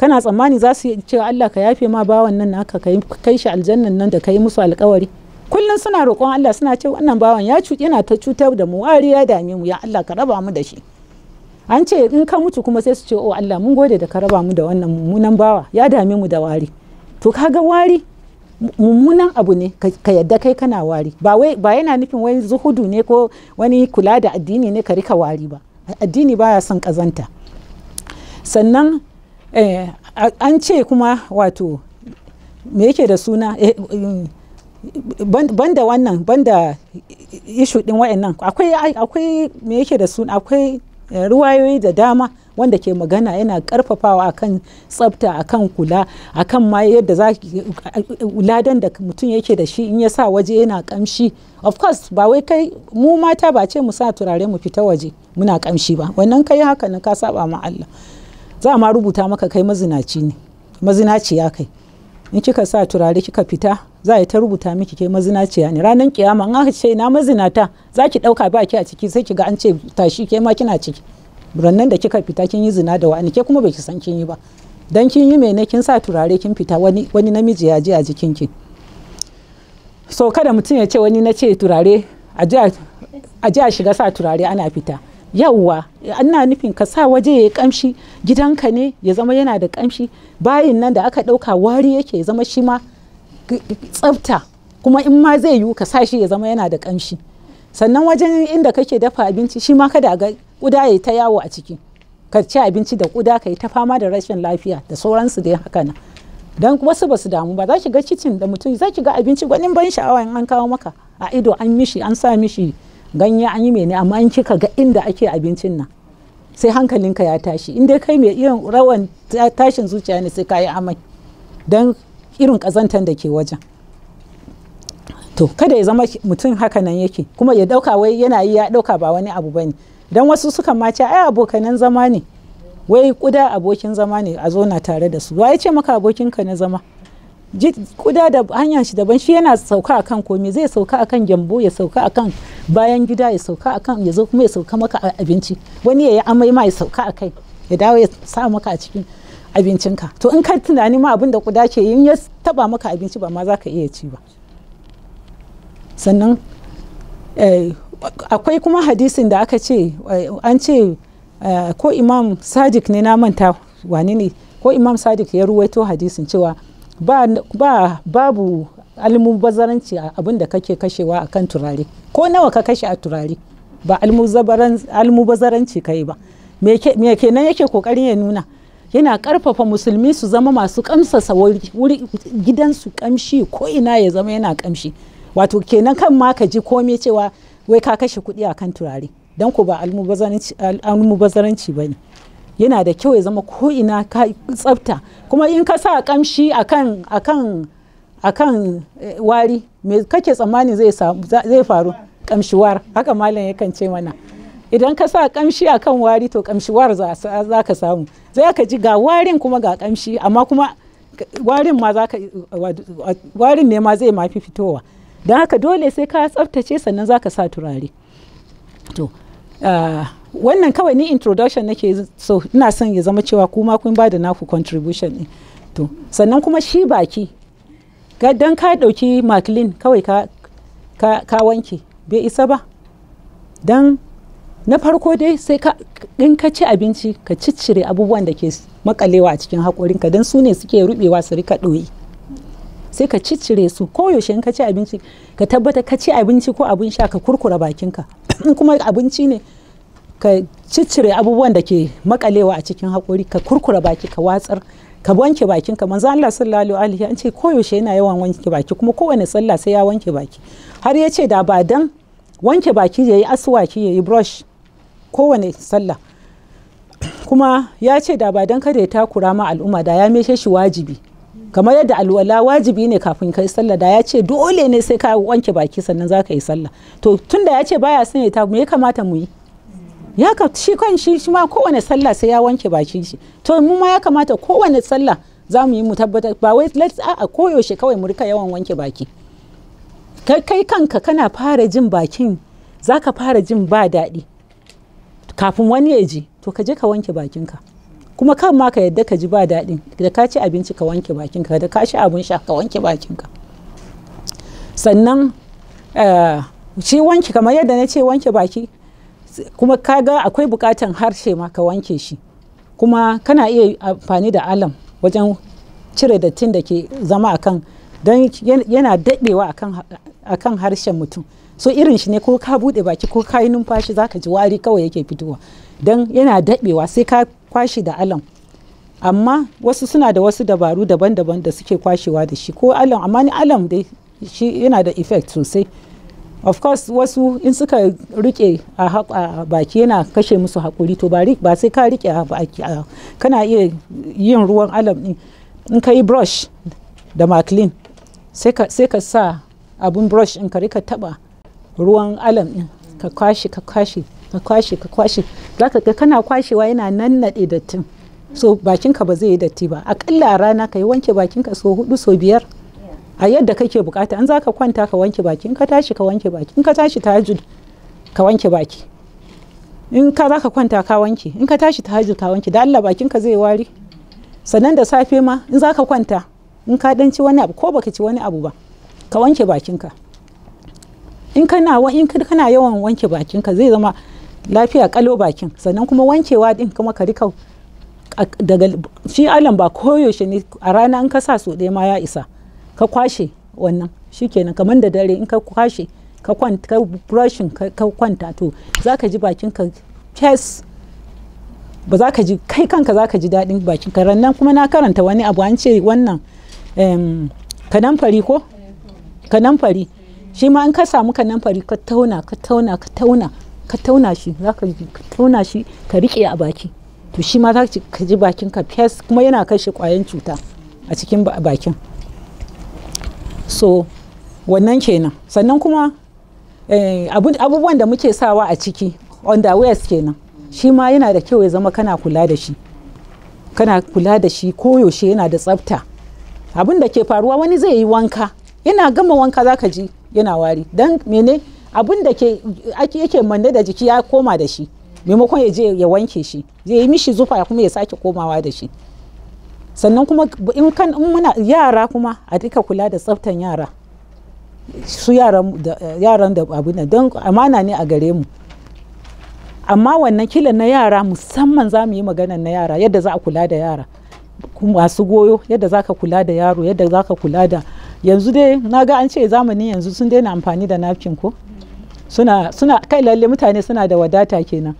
kana tsammani za su ce Allah ka yafe ma bawan nan naka ka kai shi aljannan nan da ka musu alƙawari kullum suna roƙon Allah suna ce wannan bawan ya cuci yana ta cutar da mu wari ya dame mu ya Allah ka raba mu da shi an ce in ka mutu kuma sai su ce o oh Allah mun gode da ka raba mu da wannan mummunan bawa ya dame mu da wari to kaga wari mummunan abu ne ka yadda kai kana wari ba yana nufin wani zuhudu ne ko wani kula da addini ne ka rika wari ba addini baya son kazanta sannan eh, an ce kuma wato me yake da suna eh, um, banda wannan banda ishu din wayannan akwai me yake da suna akwai eh, ruwayoyi da dama wanda ke magana yana karfafawa akan tsafta akan kula akan ma yadda za ladan da mutum yake da shi in ya sa waje yana kamshi of course ba wai kai mu mata ba ce mu sa turare mu fita waje muna kamshi ba wannan kai haka na ka saba ma Allah za ma rubuta maka kai mazinaci ne mazinaciya kai in kika sa turare kika fita za ta rubuta miki ke mazinaciya ne ranar kiyama an aka ce na mazinata za ki ɗauka ba ki a ciki sai ki ga an ce tashi ke ma kina ciki rannan da kika fita kin yi zina da wani ke kuma baki san kin yi ba dan kin yi mene kin sa turare kin fita wani wani namiji ya ji a jikin ki so kada mutum ya ce wani na ce turare a ji a shiga sa turare ana fita yawwa ana nufin ka sa waje ya kamshi gidanka ne ya zama yana da kamshi bayin nan da aka ɗauka wari yake ya zama shi ma tsafta kuma in ma zai yiwu ka sa shi ya zama yana da kamshi sannan wajen inda kake dafa abinci shi ma kada ga ƙuda ya ta yawo a ciki ka ci abinci da ƙuda ka yi ta fama da rashin lafiya da sauransu da haka nan Don wasu ba su damu ba za ki ga kicin da mutum za shiga ga abinci gwanin ban sha'awa in an kawo maka a ido an mishi an sa mishi ganye an yi mene amma in kika ga inda ake abincin nan sai hankalinka ya tashi in dai kai mai irin rawan tashin zuciya ne sai ka yi amai don irin kazantar da ke wajen to kada ya zama mutum haka nan yake kuma ya ɗauka wai yana yi ya ɗauka ba wani abu bane don wasu suka ma ce ai abokanan zama ne wai kuda abokin zama ne a zona tare da su wa ya ce maka abokin ka na zama kuda da hanyar shi daban shi yana sauka akan komai zai sauka akan gyambo ya sauka akan bayan gida ya sauka akan ya zo kuma ya sauka maka abinci wani ya yi amai ma ya sauka akai ya dawo ya sa maka a cikin abincinka to in ka tunani ma abin da kuda ke yin ya taba maka abinci ba ma za ka iya ci ba sannan eh, akwai kuma hadisin da aka ce eh, an ce eh, ko imam sadiq ne na manta wani ne ko imam sadiq ya ruwaito hadisin cewa ba babu almubazaranci abin da kake kashewa a kan turare ko nawa ka kashe a turare ba almubazaranci kai ba me kenan yake kokarin ya nuna yana karfafa musulmi su zama masu kamsa wuri gidansu kamshi ko ina ya zama yana kamshi wato kenan kan ma ka ji komai cewa wai ka kashe kuɗi akan turare don ku ba almubazaranci ba ne yana da kyau ya zama ko'ina ka tsafta kuma in ka sa kamshi akan kan eh, wari me kake tsammani zai faru kamshiwar haka malam yakan ce mana idan ka sa kamshi akan wari to kamshiwar za ka samu zai ka ji ga warin kuma ga kamshi amma kuma warin ne ma zai mafi fitowa don haka dole sai ka tsaftace sannan za ka sa turare to ah, wannan kawai ni introduction nake so ina son ya zama cewa kuma kun ba da naku contribution ne to sannan kuma shi baki don ka ɗauki maklin kawai ka, wanke bai isa ba don na farko dai sai ka in ka ci abinci ka ciccire abubuwan da ke makalewa a cikin haƙorinka don su ne suke rubewa su rika ɗoyi sai ka ciccire su koyaushe in ka ci abinci ka tabbata ka ci abinci ko abin sha ka kurkura bakinka in kuma abinci ne ka ciccire abubuwan da ke makalewa a cikin haƙori ka kurkura baki ka watsar ka wanke bakin ka manzo Allah sallallahu alaihi an ce koyaushe yana yawan wanke baki kuma kowane sallah sai ya wanke baki har ya ce da ba dan wanke baki yayi aswaki yayi brush kowane sallah kuma ya ce da ba dan kada ya takura ma al'umma da ya meshe shi wajibi kamar yadda alwala wajibi ne kafin kai sallah da ya ce dole ne sai ka wanke baki sannan za ka yi sallah to tunda ya ce baya son ya me ya kamata mu yi ya ka shi kan shi shi ma kowane sallah sai ya wanke bakin shi to mu ma ya kamata kowane sallah za mu yi mu tabbatar ba wai let's a koyaushe kawai mu rika yawan wanke baki kai kai kanka kana fara jin bakin zaka fara jin ba daɗi kafin wani ya ji to ka je ka wanke bakinka kuma kan ma ka yadda ka ji ba daɗin da ka ci abinci ka wanke bakinka da ka ci abin sha ka wanke bakinka sannan eh, shi wanke kamar yadda na ce wanke baki kuma ka ga akwai bukatan harshe ma ka wanke shi kuma kana iya amfani da alam wajen cire dattin da ke zama kan don yana daɗewa kan harshen mutum so irin shi ne ko ka buɗe baki ko ka yi numfashi za ka ji wari kawai yake fitowa don yana daɗewa sai ka kwashe da alam amma wasu suna da wasu dabaru daban-daban da suke kwashewa da shi ko alam amma ni alam dai shi yana da effect sosai of course wasu in suka rike a baki yana kashe musu haƙuri to ba sai ka rike a baki kana iya yin ruwan alam ɗin in ka yi brush da maklin sai ka sa abin brush in ka rika taba ruwan alam ɗin ka kwashe ka kwashe ka kwashe ka kwashe za ka ga kana kwashewa yana nannaɗe dattin so bakinka ba zai yi datti ba akalla a rana ka yi wanke bakinka so hudu so biyar a yadda kake bukata an za ka kwanta ka wanke baki in ka tashi ka wanke baki in ka tashi tahajjud ka wanke baki in ka za ka kwanta ka wanke in ka tashi tahajjud ka wanke da Allah bakinka zai wari sannan da safe ma in za ka kwanta in ka danci ci wani abu ko baka ci wani abu ba ka wanke bakinka in kana in kana yawan wanke bakinka zai zama lafiya kalo bakin sannan kuma wankewa din kuma ka rika daga shi alam ba koyaushe ne a rana in ka sa so ɗaya ma ya isa ka kwashe wannan shi kenan kamar da dare in ka kwashe ka kwanta ka brushing ka kwanta to zaka ji bakin ka chest ba za ka ji kai kanka za ka ji daɗin bakin ka rannan kuma na karanta wani abu an ce wannan fari ko kanamfari shi ma in ka samu kanamfari ka tauna ka tauna ka tauna ka tauna shi za ka tauna shi ka riƙe a baki to shi ma za ka ji bakin ka fes kuma yana kashe ƙwayan cuta a cikin bakin so wannan kenan sannan kuma eh, abubuwan da muke sawa a ciki on the underwears kenan shi ma yana da kyau ya zama kana kula da shi kana kula da shi koyaushe yana da tsafta abin da ke faruwa wani zai yi wanka yana gama wanka zaka ji yana wari dan mene abin da ke yake manne da jiki ya koma da shi maimakon ya je ya wanke shi zai yi mishi zufa kuma ya sake komawa da shi sannan kuma in kan muna yara kuma a duka kula da tsaftan yara su yaran da abin nan don amana ne a gare mu amma wannan kila na yara musamman za mu yi magana na yara yadda za a kula da yara masu goyo yadda za ka kula da yaro yadda za kula da yanzu dai na ga an ce zamanin yanzu sun daina amfani da napkin ko suna suna kai lalle mutane suna da wadata kenan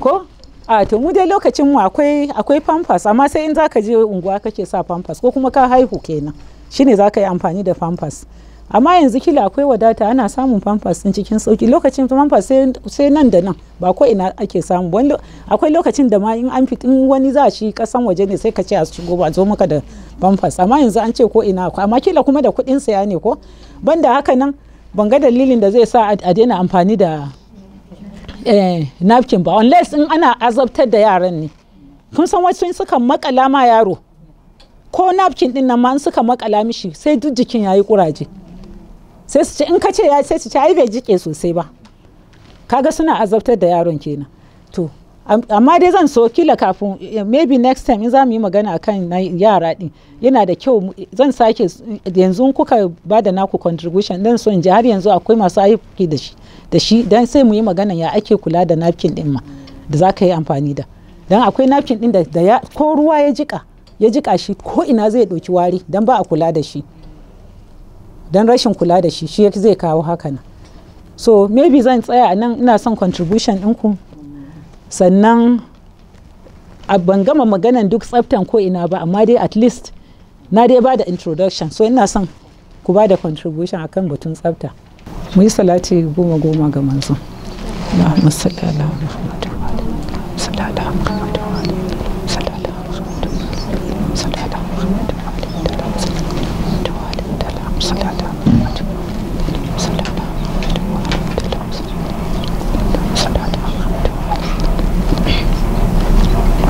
ko a to mu dai lokacin mu akwai akwai pampers amma sai in zaka je unguwa kake sa pampers ko kuma ka haihu kenan shine zaka yi amfani da pampers amma yanzu kila akwai wadata ana samun pampers din cikin sauki lokacin pampers sai nan da nan ba ko ina ake samu wani akwai lokacin da ma in an fitin wani za shi kasan waje ne sai ka ce a shigo ba zo maka da pampers amma yanzu an ce ko ina akwai amma kila kuma da kuɗin saya ne ko banda haka nan ban ga dalilin da zai sa a daina amfani da eh, napkin ba unless in ana azabtar da yaran ne kun san wasu suka makala ma yaro ko napkin din nan ma in suka makala mishi sai duk jikin yayi kuraje sai su ce in ka ce ya sai su ce ai bai jike sosai ba kaga suna azabtar da yaron kenan to amma dai zan so kila kafin eh, maybe next time in za mu yi magana akan yara din yana da kyau zan sake yanzu kuka ba da naku contribution dan so in ji har yanzu akwai masu aiki da shi da shi dan sai mu yi magana ya ake kula da napkin din ma da za ka yi amfani da dan akwai napkin din da ko ruwa ya jika ya jika shi ko ina zai ɗauki wari dan ba a kula da shi dan rashin kula da shi shi zai kawo haka nan so maybe zan tsaya nan ina son contribution ɗinku sannan ban gama maganan duk tsaftan ko ina ba amma dai at least na dai ba da introduction so ina son ku ba da contribution akan batun tsafta mu yi salati goma goma ga manzo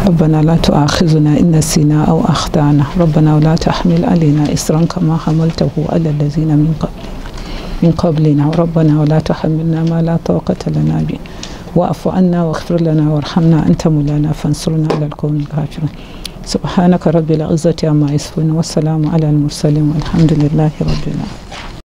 ربنا لا تؤاخذنا إن نسينا أو أخطأنا ربنا ولا تحمل علينا إسرا كما حملته على الذين من قبلنا من قبلنا ربنا ولا تحملنا ما لا طاقة لنا به واعف عنا واغفر لنا وارحمنا أنت مولانا فانصرنا على القوم الكافرين سبحانك رب العزة عما يصفون والسلام على المرسلين والحمد لله رب العالمين